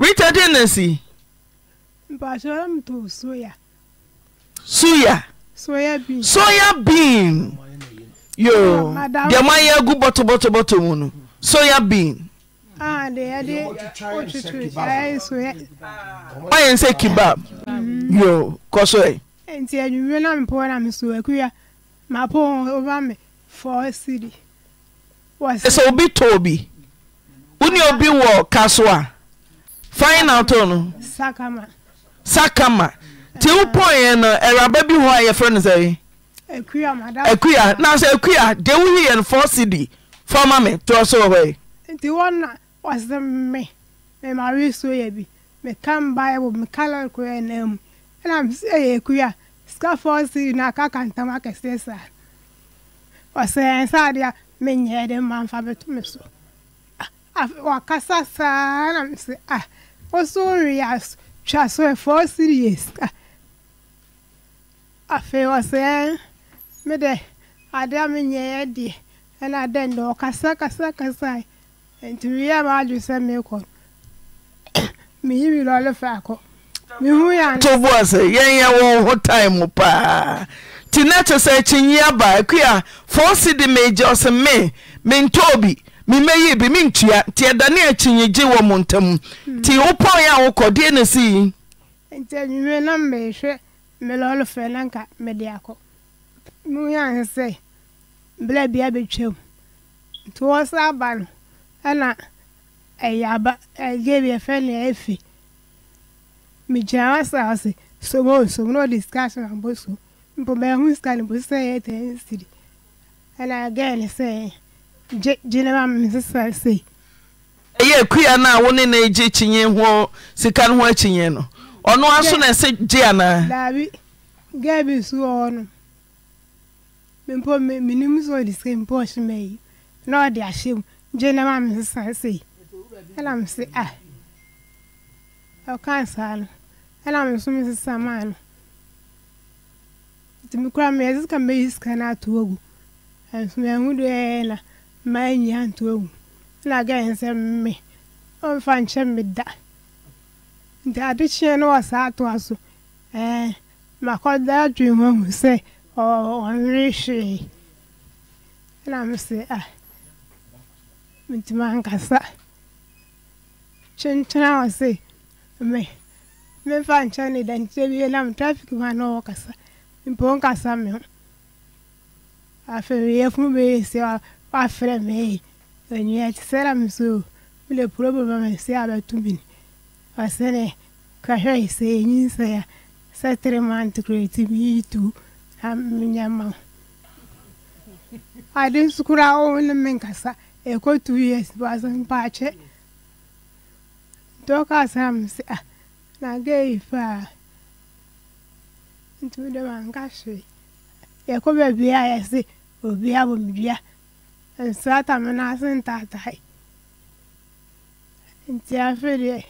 ritadenasisoya beamomaya gu bɔtɔbɔtbɔt munu soya bem aysɛ kiba kɔs sɛ obi tɔ obi wone obi wɔ kaso a fainaltɔ no sakama nti wopɔeɛ no awuraba bi hɔ a yɛfrɛ no sɛ akua nasɛ akua deɛ wohi yɛ no fo cd fa ma me torɔ so wɔ ya sika fo cd na aka kantam akɛsɛ saa ɔsɛ ɛnsa menyɛɛ dɛ mamfa bɛto me so ah, ah, wakasa saa na mesɛ ah woso woreɛ twa so ɛfɔ serious ah, afei ɔsɛ medɛ ade a menyɛɛ deɛ ɛna dɛ ndɛ ɔkasa kasa kasa nti meyɛ maadwe sɛ meekɔ meyi me lɔle faakɔ mehu yɛ to boa sɛ yɛnyɛ wɔn ho time paa nti ne ɛto sɛ akyinye aba ake a fawsi de meegya ɔse me mentɔbi mema yibi mentua nti ɛda ne akyinyegye wɔ mo ntamu nti wopɔwɛ a wokɔ deɛ na siinnh efɛ mdeɛamn a mpo bɛhu sika no bo sɛ yɛ ta nsiri ɛna gɛl sɛ gye gye ne ma me sesa sei ɛyɛ akua no a wo ne na gye kyinye ho sika no ho akyinye no ɔno aso na ɛsɛ gye anaa daabi gɛl bi so wɔ hɔ no mpo menim sɛ ɔde sika mpo ɔhye ma yi na ɔde ahyɛ mu gye ne ma me sesa sei ɛna me se a ɔka saa no ɛna me so me sesa maa no nti mekora meyɛse sika mɛyi sika no ato agu nso meahu deɛ ɛyɛ na maanyia nto agu na aga yɛn sɛ me ɔmfa nkyɛ me da nti ade kyeɛ no wɔ saa atoa so ɛɛ makɔda adwene mu ahu sɛ ɔnwe hwee na me sɛ a ah, mentimi ankasa kyenkyena wɔ se me memfa nkyɛ ne da nkyɛ bie nam traffic ma na ɔwɔ kasa mponkasa me ho afei meyɛfunu bɛyɛ sɛ wafrɛ me ye ɔnua te sɛ na meso mele problem a mese abɛto bi ne ɔsɛne kahwɛ sɛ ɛnyinsɛ a sɛ tere mante kora ɛti meyi tu na menya ma wo ade nso kora wo ne menkasa ɛkɔ two years baasɛ mpaakyɛ dɔɔ kaa sɛ ah, na mese a na gɛyi paa nti dɛ manka hwee yɛkɔ baabi a yɛse obi abɔ me dua nsra tam no ase ntaatae nti afei deɛ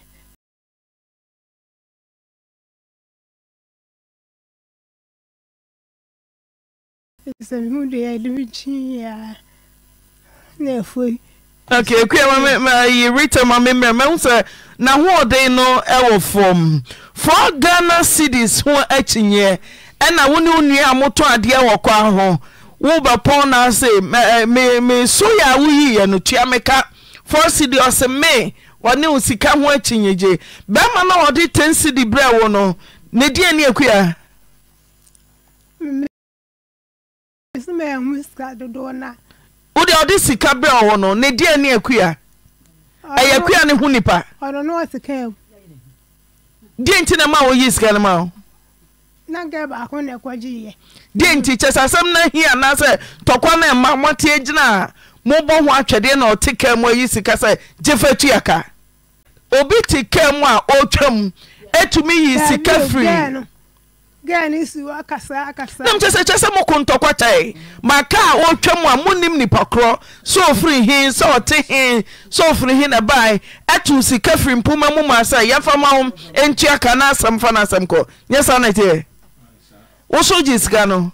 sɛ mehu deɛ yɛde me kyii a na afoi ok kua yi rita ma me mmerɛ mahu sɛ n'ahoɔden no ɛwɔ fam fọ ghana cities hụ akyinyeɛ ɛna wo ne wo nnua a motɔ adeɛ wɔ kwa ho wobɛpɔn no ase ya soya ya woyiiɛ no tua meka four city ɔse me ɔne wo sika ho akyinyegye bɛrima na wɔde ten city berɛ wode wode sika berɛ wɔ hɔ no ne deɛ ne akua ɛyɛ kua ne ho nipa deɛ nti na maa woyi sika no ma o deɛ nti kyɛ sɛ asɛm no ahi anaasɛ tɔkwa no mma moateɛ gyinaa mobɔ ho atwɛdeɛ na ɔte ka mu ayi sika sɛ gye fa ka. obi te ka mu a ɔtwa mu atumi yi sika firi namkyɛ sɛ kyɛ sɛ moko ntɔka tae maakaa ɔrtwa mu a monim nnipa korɔ sɛ ofre hi sɛɔte he sɛɔfrhena ba ato si ka fripoma mumasɛ yɛfama ntua ka no asɛm fa noasɛm k yɛsoiɛ wosogye sika no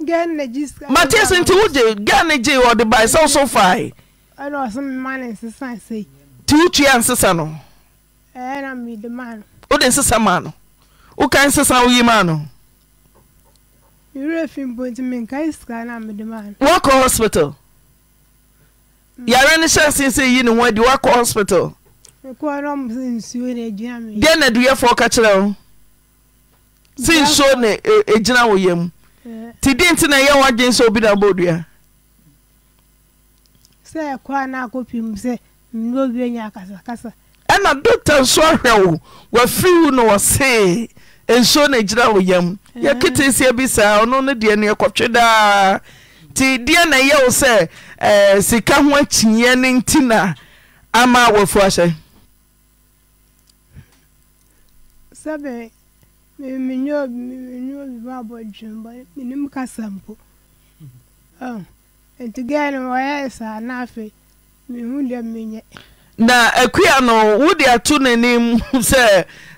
ateɛsonti wogye a ne ge ɔde ba sɛ wosofa nti wotansesa nowodesesamaa wokan sesa wo yim ano woakɔ hospital mm. yare no hyɛ sen sɛ yi ne ho adi woakɔ hospital deɛ na duyɛfoɔ ka kyerɛ wo se nsuo ne ɛgyina wo yam eh. nti di nti na ɛyɛ woagyen sɛ obi na bɔdua ɛna dɔkta nso ahwɛ wo wafiri wo na wɔ see nsuo na gyina wo yam yɛketesia bi saa ɔno no deɛ no yɛkɔtwe daa nti deɛ na ɛyɛ wo sɛ eh, sika ho akyiiɛ no nti na ama wɔafu ahyɛ na afei na akua no wode ato n'anim sɛ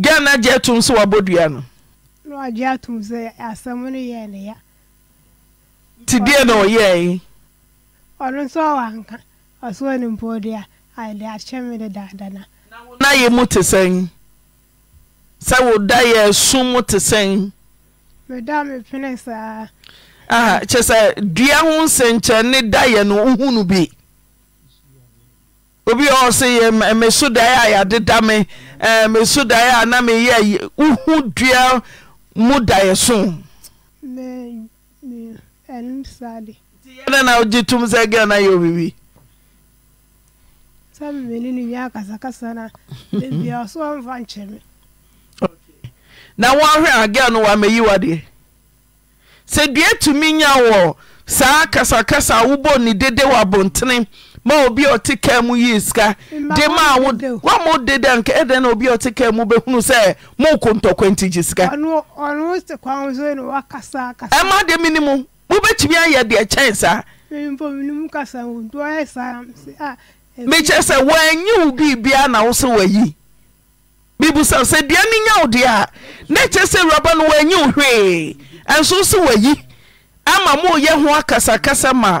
ghana gye atom sɛ wɔabɔdua no nti deɛ na ɔyɛe na yɛ mu te sɛn sɛ woda yɛ asu mu te sɛn kyɛ sɛ dua ho nsɛnkyɛn ne da yɛ no wohu no bi obi ɔ sɛ yɛ mɛso daeɛ a yɛadeda me meso daeɛ a na meyɛ wohu dua mu ya so ɛdɛ na wogye tom sɛ gɛ na yɛ obibi na woahwɛ a gɛ no wɔ amayi wadeɛ sɛ dua tumi nya wɔ saa kasakasa wobɔ ne dede wɔ abɔntene ma obi ɔte ka mu yi sika de ma dị dị nke ịdị na obi ɔte ka dị bɛhunu sɛ moko ntɔkwanti gye sika ɛma de mini mu wobɛtumi ayɛ deɛ kyɛn saa mekyɛ sɛ wɔanyi wo biribia na wo sɛ wayi bibusa sɛ deɛ ne nya wo deɛ a na ɛkyɛ sɛ awuraba no wɔanyi wo hwee ɛnso so wayi ama moyɛ ho akasakasa ma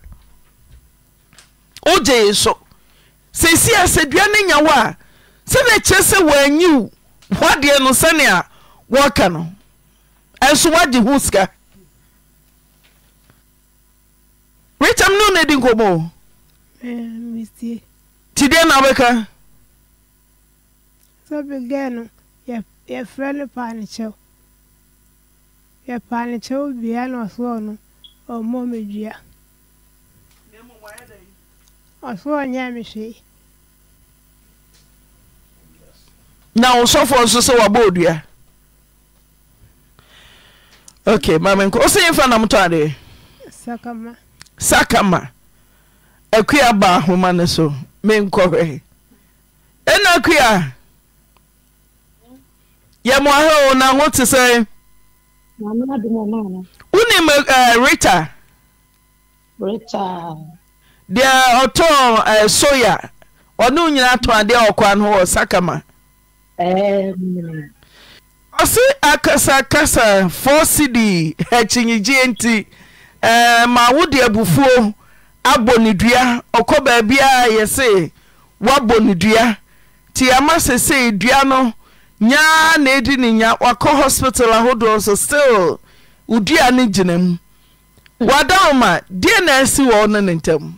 wogye yi so sɛsi a sɛ dua no nya a sani kyerɛ sɛ wɔanyiw woadeɛ no sɛnea wɔka no ɛnso woagye ho sika recham ne no di o nti deɛ na wobɛka yɛfrɛ no paanekyɛw yɛpaanekyɛw bia na ɔsoɔ no ɔmmɔ medua na wosɔfoɔ nso sɛ wabɔ odua ok mamenko wo sɛ yɛmfa namotɔ adeɛ sakama Sakama. akua ba ahoma no so menkɔhwɛ ɛna akua yɛ mo ahɛo na ho te sɛ wonim eh, rita deɛ eh, ɔtɔɔ soya ɔne nyina tɔn adeɛ ɔkɔa no wɔ sakama ɔse akasakasa fo cidi akyinyigye nti eh, ma wode abufuo abɔ ne dua ɔkɔ baabiaa yɛ se woabɔ ne dua nti ama sesei dua no nyaa na edi ne nya wakɔ hospital ahodoɔ so still wodua ne gyina mu mm. wada oma deɛ na esi wɔ no ne ntam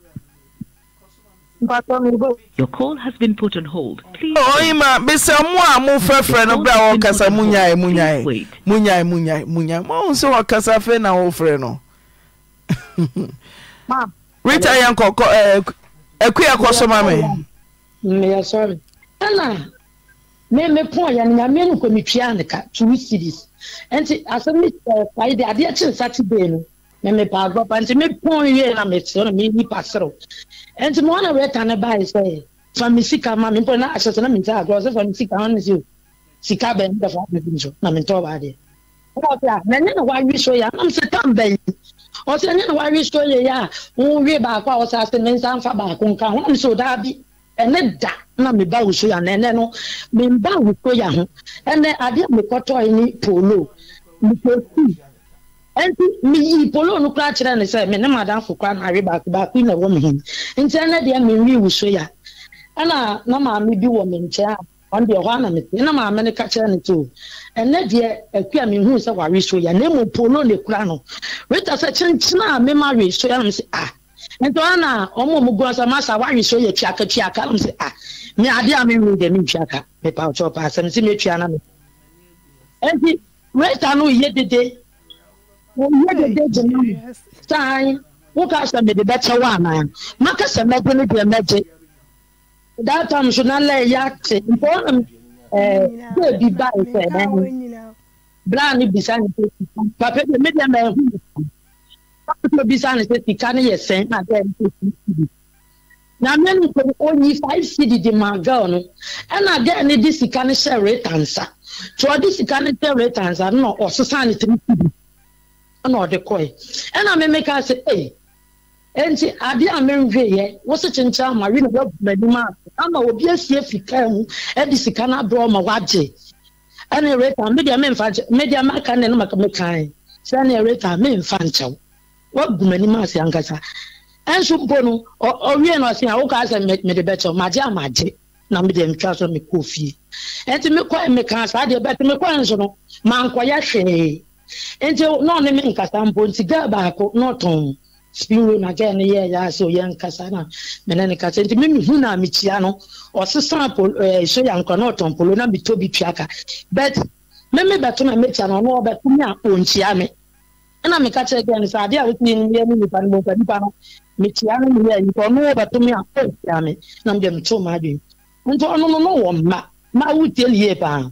Your call has been put on hold. Please. Oh, ima, bisa mu a mu frɛfrɛ no bra wɔkasa mu nyae mu nyae mu nyae mu nyae mu nyae mo nso wɔkasa fɛ na wɔfrɛ no. Rita yɛn kɔ kɔ ɛɛ ɛkú yɛ so ma mi. Mmea sɔrɔ ɛna me me pɔn yɛn na me nkɔ mi twia nika two series ɛnti asɛm mi sɛ ɛɛ ayi de adeɛ kye nsati no mɛmɛ pa agbɔpa nti mi pɔn yie na mi sɛ ɔna mi yi pa serew nti mo ɔna wɛ ta ne ba yi sɛ na ahyɛ na mi nsa agorɔ sɛ fami sika ɔna si o sika bɛn dafa abɛbi nso na mi ntɔ ba adeɛ ɔna ɔsɛ a na ɛnyɛ na wawi so yɛ anam sɛ tam bɛyi ɔsɛ ɛnyɛ na wawi so yɛ yɛ a wɔn wie baako a ɔsɛ ase ne nsa nfa baako nka wɔn nso daabi da na mi ba wusu ya na ɛnɛ no mi ba wusu ya ho ɛnɛ e adeɛ mi kɔtɔ yi e ni polo mi kɔ si nti mipolo no kora kyerɛ ne sɛ me ne madamfo kora na awe baako baako yi na ɛwɔ me hem nti ɛnɛ deɛ menwi wuso ya ɛna na maame bi wɔ me nkyɛn a ɔno deɛ hɔ ana me na maame no ka kyerɛ ne to ɛnɛ deɛ akua mehu sɛ wawe so ya na mmom polo ne kora no rita sɛ kyenkyen a ma we so ya ah. nom sɛ ah nti ɔna ɔmo ɔmo gu ɔsɛ masa wawe so yɛ tuaka tuaka nom sɛ ah adeɛ a menwi deɛ mentuaka mepa ɔkyɛ ɔpa asɛm sɛ wɔnyɛ dede gyina saa woka sɛ mede bɛkyɛ wo anaa maka sɛ mɛgye no deɛ mɛgye that time so na lɛ yɛ ate mpo ɔnam ɛɛ dɛ bi ba nsɛ ɛn braa no bisa ne sɛ sika papa bi medeɛ ma ɛho ne sika papa bisa ne sɛ sika no yɛ sɛn na dɛ mpɛ sisi na mmɛnu kɔ onyi five cd di ma girl no ɛna dɛ ne de sika no hyɛ retansa tí ɔde sika no hyɛ retansa no na ɔsesa ne three cd. na ọ dị kọị ɛna mmemme ka sị ee nti ade a mmemme yɛ wɔsi kyenkyen ama wi na wɔabu n'anim a ama obi esie fikaa mu ɛde sika n'abrɔ ma wagye ɛna ereta media mmemfa nkyɛn media mmaka na ɛnum aka mmekan sɛ ɛna ereta mmemfa nkyɛn wɔabu m'anim ase ankasa ɛnso mpo no ɔwie na ɔsi a wɔkɔ asɛ mmede bɛkyɛw magye ama agye na mmede ntwa so mmekɔ fie ɛnti mmekɔ mmeka saa deɛ bɛtɛ mmekɔ nso no mankɔyɛ hwee. nti nɔɔ nkasa nti gaa baako spiro na gaa ne ya yaa sɛ nkasa na mene ne nti na mekyia no ɔsesa polo polo na ka na gaa ne sɛ a wosi yɛ ne nipa no mo nfa no mekyia no mo yɛ nipa ɔno ɔbɛto mi a na nti mma mma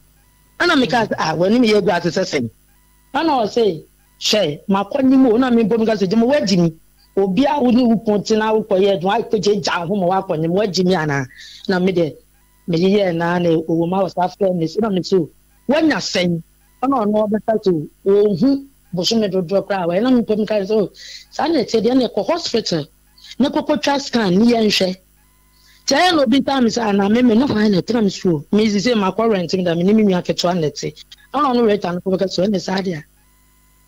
ana mika mi yɛ sɛn ana ma kɔ ni mu o na mi bɔ mi ka sɛ ah, jɛ mi obi a wuli wupɔn tena yɛ dun ayi ma ni mu mi ana na mi dɛ mi yi yɛ na na owo ma ɔsa fɛ ne so na mi so wanya sɛn ɔna ɔno ɔbɛsa so ohu bosomi dodoɔ na mi bɔ mi ka o na deɛ na ɛkɔ hospital na twa scan ni kyɛɛ na obi taa mi sɛ ana mɛmɛ na hwan na ɛtena mi so mi si sɛ ma kɔ rɛnti mi da mi ne mi nua ketewa na ɛte ɔna ɔno rɛta no kɔbɛka so ɛna saa deɛ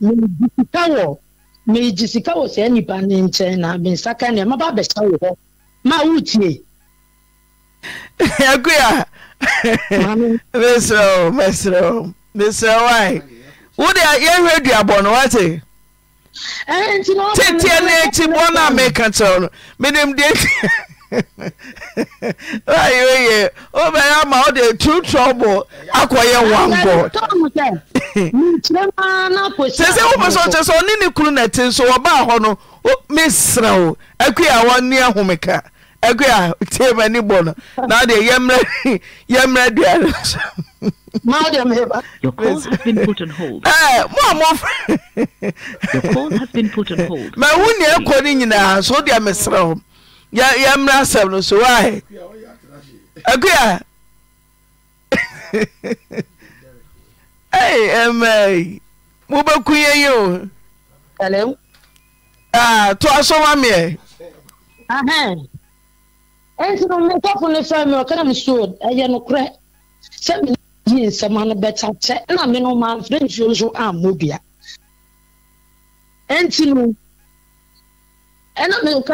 mi gyi sika wɔ mi gyi sika wɔ sɛ nipa ne nkyɛn mi nsa ka nea ma ba abɛhyɛ wɔ hɔ ma awo tie. akuya mesrɛw mesrɛw mesrɛw ai wode yɛhwɛ aduabɔ no wate teteɛ ne akyi bɔ no a meka kyerɛw no menim deɛ ye obɛyɛ ma wode tu trouble akɔyɛ wankɔsɛ sɛ wopɛ sɛ ɔkyɛ sɛ ɔne ne kunu na te nso wɔbaa hɔ no mesrɛ o akui a wɔne ahomeka akui a tiamani bɔ no na wodeɛ yɛmmrɛ na so mawo nea ɛkɔ no nyinaa so wodea mesrɛ ho yɛ yɛ mmra asɛm no so waahe akuya ɛyi ɛmɛɛ mobɛku yɛ yi o. Hello. Ah, to aso ma miɛ. ɛnti no metɔfo ne fɛ me ɔka na me suo ɛyɛ nokorɛ sɛ meyi nsɛm no bɛkyakyɛ na me no mamfrɛ nsuo nso ammɔ dua ɛnti no ɛna meka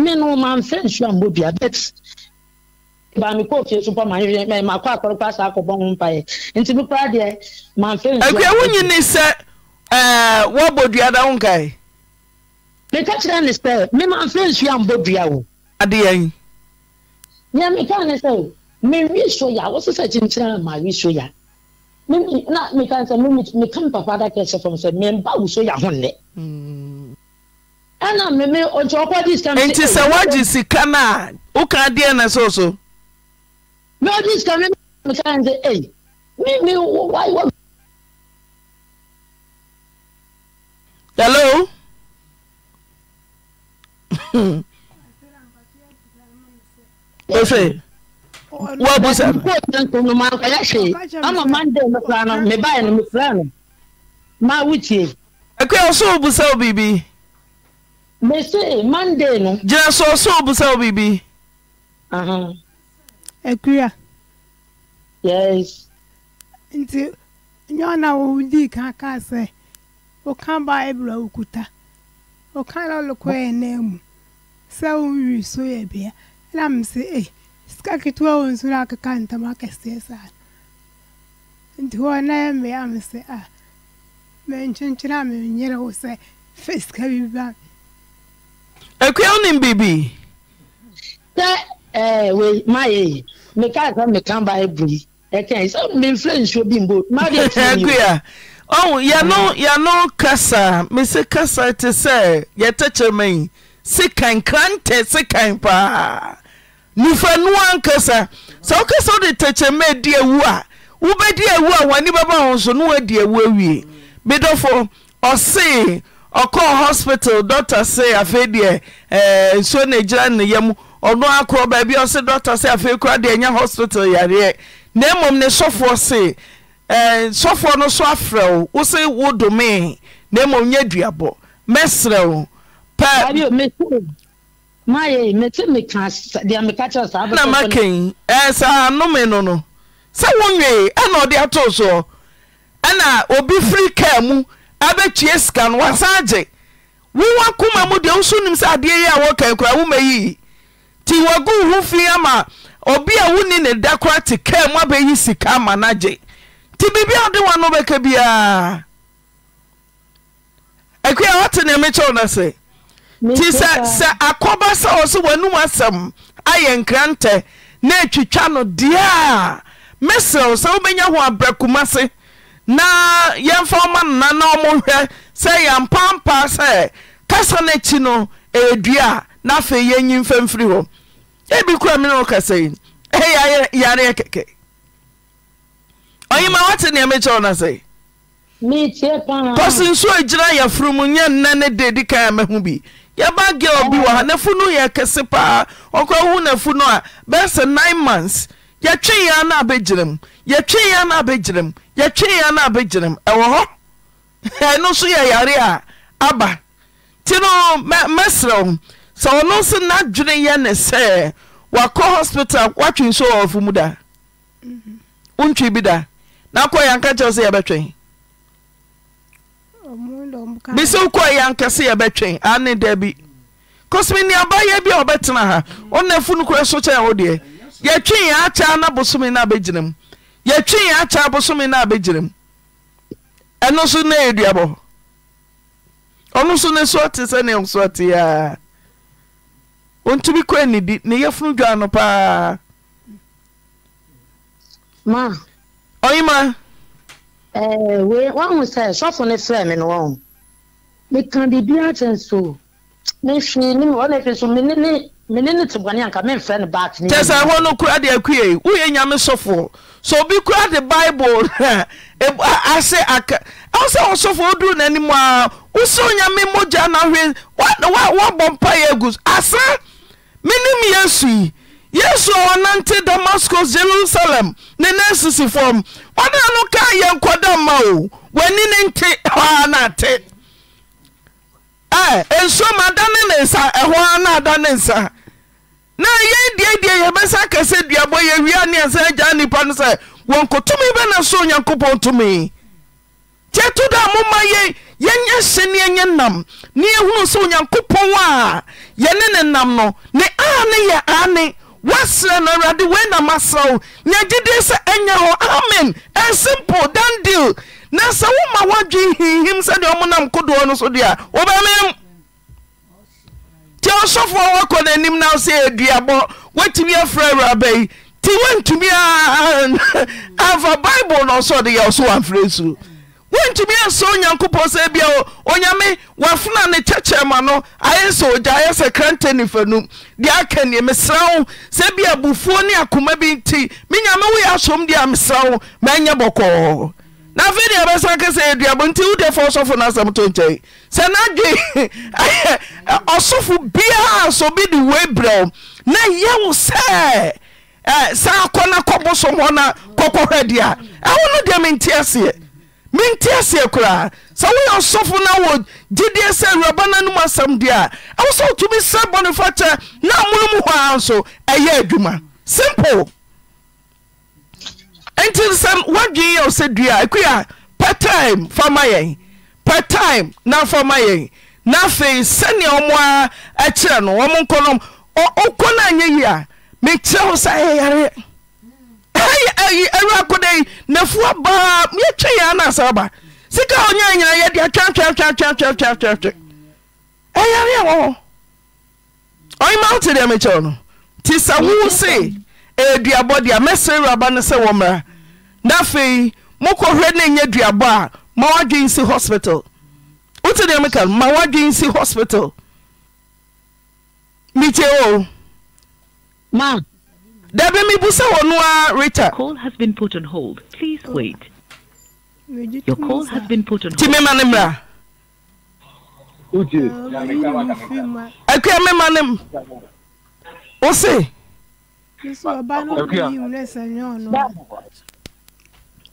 me no ma nfɛ nsuo a mbɔ bia bet baami kó fie so pɔ ma nhwɛ mɛ ma kɔ akɔrɔ kɔ asa akɔbɔ ho mpa yɛ nti mi kura deɛ ma nfɛ nsuo. akura wunyi ni sɛ ɛɛ wɔbɔ dua da ho nkae. meka kyerɛ ne sɛ me ma nfɛ nsuo a mbɔ dua o. adeɛ yi. nyɛ meka ne sɛ me nwi so ya wɔsɛ sɛ kyinkyina ma nwi so ya na meka sɛ meka mi papa adaka ɛsɛ fam sɛ mɛ mba wuso ya ho ɛna mmemme ɔnkyɛ ɔkɔ di sika mi. nti sɛ wagye sika na woka deɛ na so so. mi o di sika mi mi ka n sɛ ɛyi mi mi wa wa. hello. o se wa busa. ko n tɛ nkunu ma nkɔyɛ se ama man den mi fila no mi ba yɛ no mi fila no ma wuti. ɛkɛ ɔsɔ obusa obibi. mese monday no gyina so so obusa wo obibi. akura yes nti nyɛ ɔna wɔwodii ka kaa sɛ woka bible a wokuta woka lɔlo na mu sɛ wonwi so yɛ bea na m sɛ e sika ketewa wɔ nso no akeka ntam saa nti na yɛ m a a ekua onim bibi. sɛ ɛɛ wei maa yɛ yi meka sɛ meka ba ebuli ɛkɛn sɛ mefilɛ nsuo bi mbɔ maa de efi yi. ekua ɔn yanu yanu kasa mesi kasa te sɛ yɛtɛ kyerɛma yi sikan krantɛ sikan paa nifa nua nkasa sɛ ɔkasa ɔde tɛkyɛma edi ewu a wobɛdi ewu a wɔn ani bɛba wɔn so no wɔadi ewu ewie bidɔfo ɔsee. ɔkɔɔ hospital dɔcta sị afei deɛ eh, nsuo ne gyira nneyam ɔno akorɔ baabi a ɔse dɔcta se hospital yareɛ na emom eh, na mmom nyɛ duabɔ mɛserɛ wo pɛna maka saa eh, nome no no sɛ wonwee ɛna ɔde abɛtue sika no wasan gye wowa koma mu deɛ woso nim sɛ adeɛ yi a wɔka kora woma yii nti wɔagu ho fi ama ɔbi a woni ne da kora te kaa mu abɛyi sika ama na gye nti biribia wode wa no bɛka biaa akua wote ne mekyɛw no sɛ nti sɛ sɛ akɔba sɛ wɔ sɛ w'anom asɛm ayɛ nkra na atwitwa no deɛ a mɛsrɛ wo sɛ wobɛnya ho abrɛkuma se na yɛmfa ma nna na ɔmohwɛ sɛ yɛmpampaa sɛ kasa no akyi no ɛyɛdua a na afei yɛnyi mfamfiri hɔ ebi kora me ne wo kasa yi ɛyareɛ kɛkɛ ɔyima na neamekyɛ wo no sɛ kɔsenso agyina yɛforomu nyɛ nnɛ ne de di kan a maho bi yɛba gil bi wɔ ha yɛ kɛse paa a months yɛtwe yɛn na yɛtwe yɛn ya na no abɛgyerem ɛwɔ hɔ no so yɛ yare a aba nti no mɛserɛ wo sɛ ɔno nso n'adwene yɛ ne sɛ wakɔ hospital watwi nso wɔwɔfo mu da mm-hmm. ntwi bi da na akɔ yɛanka kyɛwo sɛ yɛbɛtwɛn bisɛ wokɔɔ yɛanka sɛ yɛbɛtwɛn ane da bi kosmi nneabayɛ bi a wɔbɛtena ha ɔna funu kora so kyɛn wo deɛ yɛtwe yɛ akyɛa na bosome no mu yɛtwe yɛ akyɛ abosome no abɛgyerɛ m ɛno so na yɛduabɔ ɔno so ne so ɔte sɛne ɔso ɔte a ɔntumi kɔ nidi ne yɛfunu dwaa no paa ma ɔyima wahu sɛ sɔfo no frɛ me no wɔ meka biribiaa kyɛ so mehwee oh, ne ɔne hwee so mene ne kɛɛ sɛ hɔ no koraa de akuei woyɛ nyame sofo sɛ obi koraa de bible n asɛ ɛwo sɛ wosofo woduru naanim aa wosrɛ nyame mogya no hwe wobɔ mpa yɛ agu s asa menim yesui yesu a wɔanante damascus jerusalem ne n' asisifoɔm ana a no ka yɛ nkɔda ma o w'ani ne nte a naatɛ nsuom adane ne nsa ɛho a na ada ne nsa na yɛ diɛdiɛ yɛbɛsa kɛsɛ duabɔ yɛwia nea sɛ agyaa nnipa no sɛ wɔnkɔtumi bɛna so onyankopɔn tumi tiɛ to da a momma yɛ yɛnyɛ hyɛ ne ɛnyɛ nam ne yɛhunu sɛ onyankopɔn a yɛne ne nam no ne a ne yɛ ane woaserɛ no na wei namasrɛ wo nyagye deɛ sɛ ɛnyɛ hɔ amen simple dan deal na sɛ woma woadwe hihim sɛdeɛ ɔmonam kodoɔ no so deɛ a wobɛmem nti ɔsɔfoɔ woakɔ n'anim na wo sɛ yɛduabɔ woatumi afrɛ awuraba yi nti woantumi amfa bible na ɔsɛ ɔde yɛ ɔso wamfrɛ suo wontumi asɛ onyankopɔn sɛ bia o onyame wafena ne kyɛkyɛma no ayɛ sɛ ogya ayɛ sɛ krantɛ nifanum deɛ aka nneɛ mesra wo sɛ bia abufuo ne akoma bi nti menyame woyɛ asom deɛ a mesra wo maanyɛ bɔkɔɔ na afei deɛ ɛbɛsa kɛ sɛ aduabɔ nti wodeɛfa ɔsɔfo no asɛm to nkyɛn sɛ n'adwe ɔsofo biaa sɛ bi de wei brɛ wo na yɛ wo sɛ saa akɔ no kɔbosom hɔ no kɔkɔhwɛ deɛ a ɛwo no deɛ mente aseɛ mente aseɛ koraa sɛ woyɛ ɔsɔfo no wɔ gyideɛ sɛ awuraba no anom asɛm deɛ a sɛ wotumi sɛ bɔnefakyɛ na amonom hɔ a nso ɛyɛ adwuma simple nti sɛ wodwe yɛɔ sɛ du a aka pɛtim fama yɛn pɛ tim na fama yɛn na afei sɛnea ɔmo aa akyerɛ no ɔmo nkɔn ɔkɔn ayɛ yi a mekyerɛ wo sa yaeɛnfuɔ bayɛwɛ yɛanasaba sika ɔyanyinayɛdetwyɛ ɔma tdeɛ kɛw nts os eduabɔ deɛ a mɛsrɛ awuraba no sɛ wɔ mmara na afei mokɔhwɛ ne ɛnyɛ duabɔ a ma woadwen si hospital wote deɛ meka no ma woadwen si hospital mikye o ma dabi mebu sɛ wɔ no a rita timi ma ne mmra akua me ma ne m wo se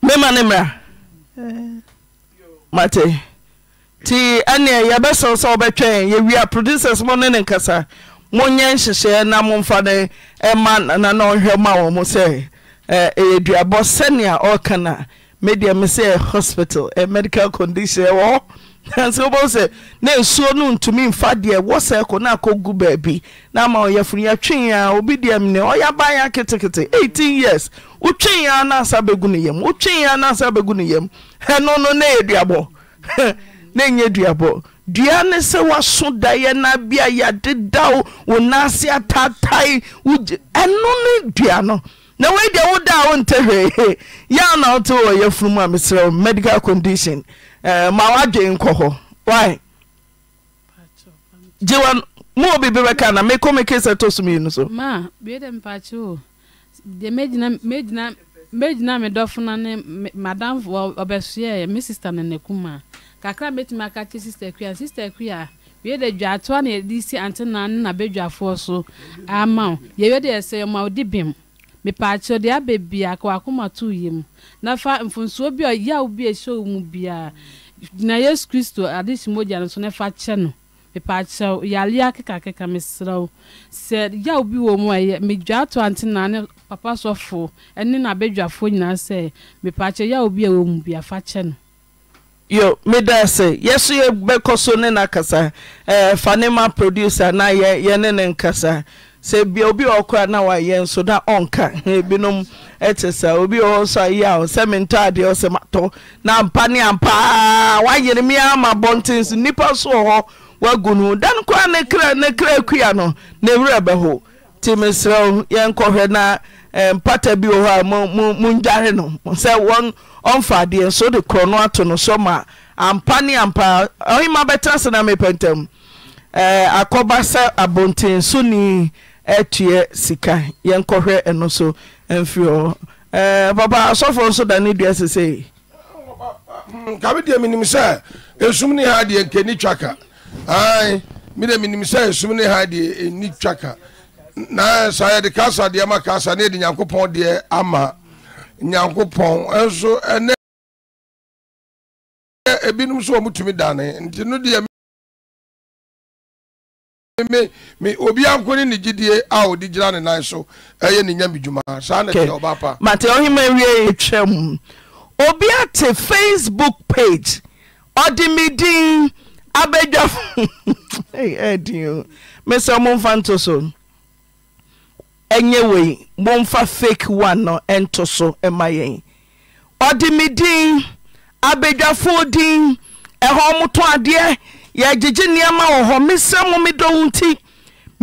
ema mrnti ɛne yɛbɛsom sɛ wobɛtwaɛ ywia producers m no ne kasa monyɛ nhyehyɛ na mo mfa ne ɔma nana ne ɔnhwɛ ma wɔ mu sɛ yɛduabɔ sɛnea ɔrka na mɛdeɛ me sɛ hospital a medical conditionwɔ nanso wobɛhu sɛ ne ɛsuo no ntumi mfa deɛ wɔ sɛ na ne akɔgu baabi na ama ɔyɛforo yɛtwee ya obi deɛ mne ɔyɛ aban a ketekete 18 years wotwee a na asa bɛgu ne yam wotwee a na asa bɛgu ne yam ɛno no ne yɛ duabɔ ne nyɛ duabɔ dua ne sɛ woaso daeɛ no bi a yɛadedaw wo naase atatae wogye ɛno ne dua no na wei deɛ woda a wontɛ hwee yɛ a na wote wɔ yɛfunumu a mesrɛ wo medical condition Eh, ma woadwe nkɔ hɔ wy gye wa mo wɔ biibi bɛka na mekɔ me kesa tɔ so mienu so ma bie dɛ mpakye o deɛ megyina megyina me dɔfo no ne madamfo ɔbɛsoɛ me sista no nakum a kakra mɛtumi aka kye sista kui a sista kui a wie dɛ na yɛde si ante naa ne nabɛdwafoɔ so ama yɛwie de yɛsɛ yɛma wode bim mepaakyɛ deɛ aba bia ka wakoma to yɛ mu na fa mfonsuo bi a yaw bi a ɛhyɛ wo mu biaa na yesu kristo ade hyi mogya no so ne fa kyɛ no mepaakyɛ yaleɛ akekakeka meserɛ wo sɛ yaw bi wɔ mu a ɛyɛ medwaa to na ne papa sɔfo ɛne n'abadwafoɔ nyinaa sɛ mepaakyɛ yaw bi a wɔ mu bia fa kyɛ no yo meda sɛ yɛso yɛbɛkɔ so ne na kasa eh, fanema producer na ne ne nkasa sɛ bia obi ɔkora na wayɛ nso na ɔnka binom te sa obi ɔwɔ so ayɛ a sɛ mentaadeɛ ɔsɛ matɔ na ampa ne ampaa wayere me ama bɔnten so nnipa so wɔ hɔ woagu no da no koraa ne kra ne kra kua no ne werɛ bɛho nti mesrɛ wo yɛnkɔhwɛ na eh, mpata bi wɔ hɔ a mundware no sɛ ɔmfa adeɛ nso de korɔ no ato no so ma ampa ne ampaa ɔhema bɛtena se na mepɛntam eh, akɔba sɛ abɔnten so ni ɛtuɛ sika yɛnkɔhwɛ ɛno so mfiri hɔ papa asɔfoɔ nso da ne dua sesei nkabe deɛ menim sɛ ɛsum ne ha deɛ nkɛni twaka mede menim sɛ ɛsum ne ha deɛ ɛni twaka na saa yɛde kasa deɛ ma kasa ne yɛde nyankopɔn deɛ ama nyankopɔn ɛnso ɛnɛ ebinom so wɔ mutumi dane nti no deɛ me me obi anko ne ne a ɔde gyina ne nan so ɛyɛ ne nyame dwuma saa na kyerɛ ɔba pa mate ɔhema wie yɛtwam obi ate facebook page ɔde me din abɛdwafo ɛdin mesɛ momfa nto so ɛnyɛ wei momfa fake one no ɛnto so ɛma yɛn ɔde me din abɛdwafoɔ din ɛhɔ e moto adeɛ yɛagyegye nneɛma wɔ hɔ mesrɛ mo medɔ wo nti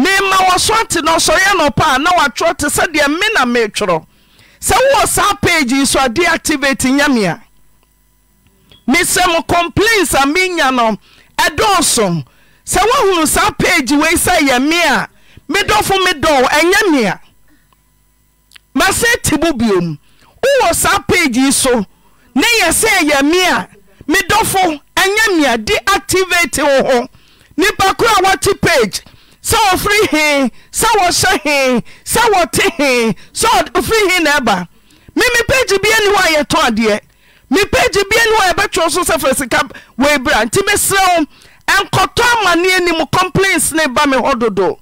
merma wɔ sɔ ate nɔsɔeɛ nɔpa a na watwerɛ te sɛdeɛ me na metworɔ sɛ wowɔ saa pegyiy so a de activity nyame a mesrɛ m complains a menya no ɛdɔ son sɛ woahuru saa pegyi wei sa yɛ me a medɔfo me dɔ ɛnyɛ mea mase ti mo biom wowɔ saa pegiy so ne yɛ sɛɛ yɛ me a medɔfo nya mea de activete wɔ hɔ nnipa koraa a wɔte page sɛ ɔfri he sɛ wɔhyɛ he sɛ wɔte he sɛfri he na ɛba me me pegyi bia ni hɔ a yɛtɔadeɛ me pegyi biani hɔ a yɛbɛterɛ so sɛ frɛ sika wei bera nti meserɛ wo nkɔtɔ amane anim complaints ne ba me hɔ dodo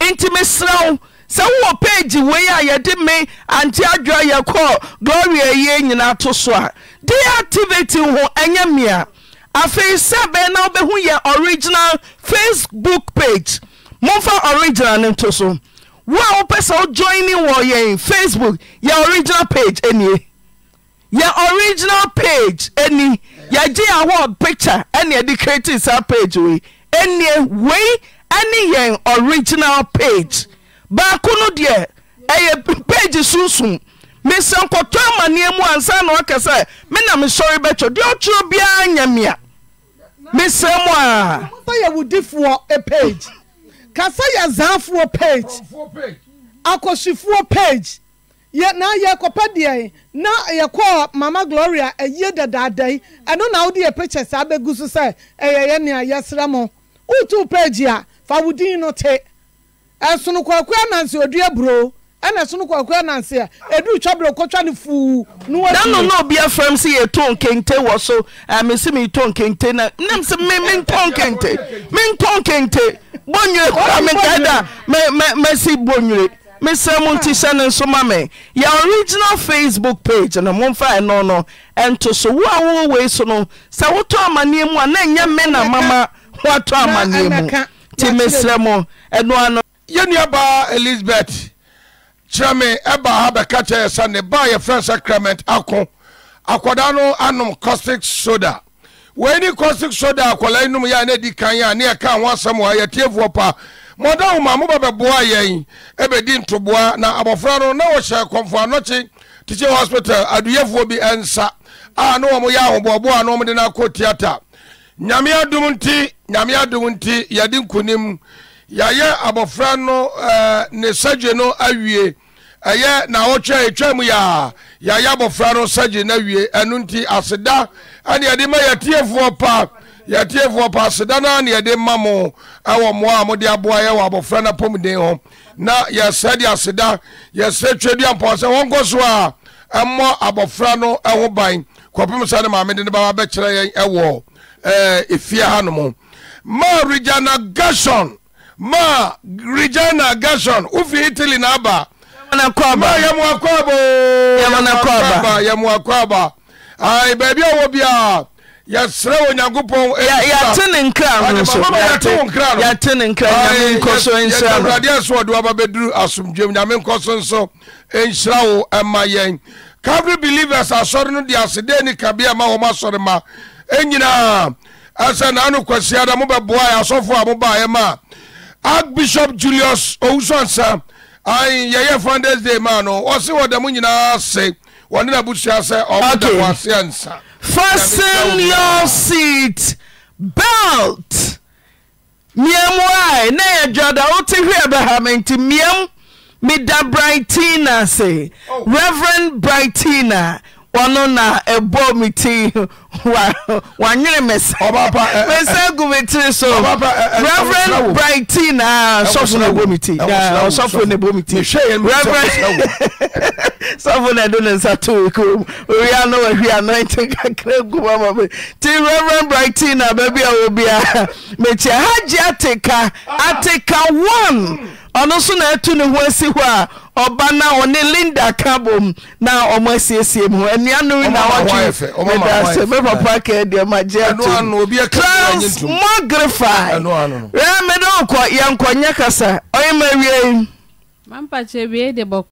nti me serɛ wo sɛ wowɔ page wei a yɛde me ante adwoa yɛkɔɔ gloria yie nyinaa to so a deactivity ho ɛnyɛ me a afei sɛ bɛɛ na wobɛhu yɛ original facebook page momfa original no nto so wo a wopɛ sɛ wojoine wɔ yɛn facebook yɛ original page anie yɛ original page ani yɛgye award picture ɛne ɛde creative saa page wei ɛnie wei ɛne yɛn original page baako no deɛ ɛyɛ page sunsum mesɛ nkɔtɔ amanneɛ mu ansa na ɔkɛ sɛ mena mesɔre bɛkyɛ deɛ ɔkyerɛ biara nyɛ mea mesɛ mu a sɛ page kasa yɛ zaafoɔ page akɔhyifoɔ page yɛ na yɛkɔpɛ deɛ na yɛkɔɔ mama gloria ɛyie dadaada yi ɛno na wode yɛ picture saa bɛgu so sɛ ɛyɛ yɛ nea yɛsrɛ mo wotu page a fa wo din no te ano no obia frɛ m sɛ yɛto kente wɔ so mesi metɔ kente n ms ɔkne rmesm tsɛno so ma me yɛ original facebook page no momfa ɛnɔ no nto so woawowei so no sɛ wotɔ amannemu an yɛ me na mama woatɔ amannemu ti mesrɛ moon yɛnnuabaa elizabeth kyerɛ me ɛba ha bɛka kyerɛ yɛ sɛ ne baa yɛfrɛ sacrament ako akwadaa no anom caustic soda wei ne caustic soda akwadaa nom yɛ a na ɛdi kan yɛ a ne yɛka ho asɛm wɔ ha yɛtiefoɔ paa mɔda wo ma mobɛbɛboa yɛn ɛbɛdi ntoboa na abɔfra no na wɔhyɛ kɔmfoanɔkye tikye hospital aduyɛfoɔ bi nsa a ne wɔm yɛ ahoboɔboa na ɔmde no akɔ tiata nyame adom nti nyame adom nti yɛde nkonim yɛayɛ abɔfra no ɛɛ eh, ne sɛgye no awie ɛyɛ naawɔtwe a ɛtwa mu yɛa yɛayɛ abɔfra no sɛgye n'awie ɛnu ɛno nti aseda ɛne yɛde ma yɛtiefoɔ pa yɛtiefoɔ pa aseda naa ne yɛde ma mo ɛwɔ mmoa a mode aboa yɛ wɔ abɔfra no apɔmuden hɔ na yɛsɛ de aseda yɛsɛ twaduampɔ sɛ wɔnkɔ so a ɛmmɔ abɔfra no ho ban kɔpem sɛ ne maamede no baba bɛkyerɛ yɛn ɛwɔ ɛfie eh, ha nom ma regina gason ma regina gershon wofi italy na aba ma yɛmoakɔaba yɛmoakɔaba baabi a ya bia yɛserɛ wɔ onyankopɔn yɛte ne nkra noyɛwuradeɛ so ɔde waba bɛduru asomdwam nyame nkɔ so nso ɛnhyira wo ɛma yɛn calvary believers asɔre no de asede ni kabea ma wɔm asɔre ma ɛnyinaa ɛsɛ naano kwasia da mobɛboa asɔfoɔ a mobaeɛ ma a ark bishop julius owusu ansa a yɛyɛ fandas day ma no ɔse wɔdɛm nyinaa se wɔne na busua sɛ ɔmdawo ase ansa fasn yow seat belt meam wae ne yɛdwada wote hwɛ abraham nti mmeam meda brigh tina se reveren brightina ɔno na ɛbɔ me ti wanyere mɛsamɛsa gu me tiri so eh, eh, reverend brighton a sɔfo na ɛbɔ me ti ɔsɔfo na ɛbɔ me ti reverend sɔfo na ɛde ne nsa to ekom owia no wahi anointing kakra gu ma ma me ti reverend brighton a baabi a wɔ bia mekyia hagye ateka one. Ọnụ nso na ɛtu ne ho asi a ɔba na ɔne linda ka bom na ɔmɔ asiesiem ho anuanom na wɔtwemedasɛ me papa ka deɛmagyeatos mo grifi ɛ mede ɔkɔ yɛnkɔnyɛ kasa ɔyɛ ma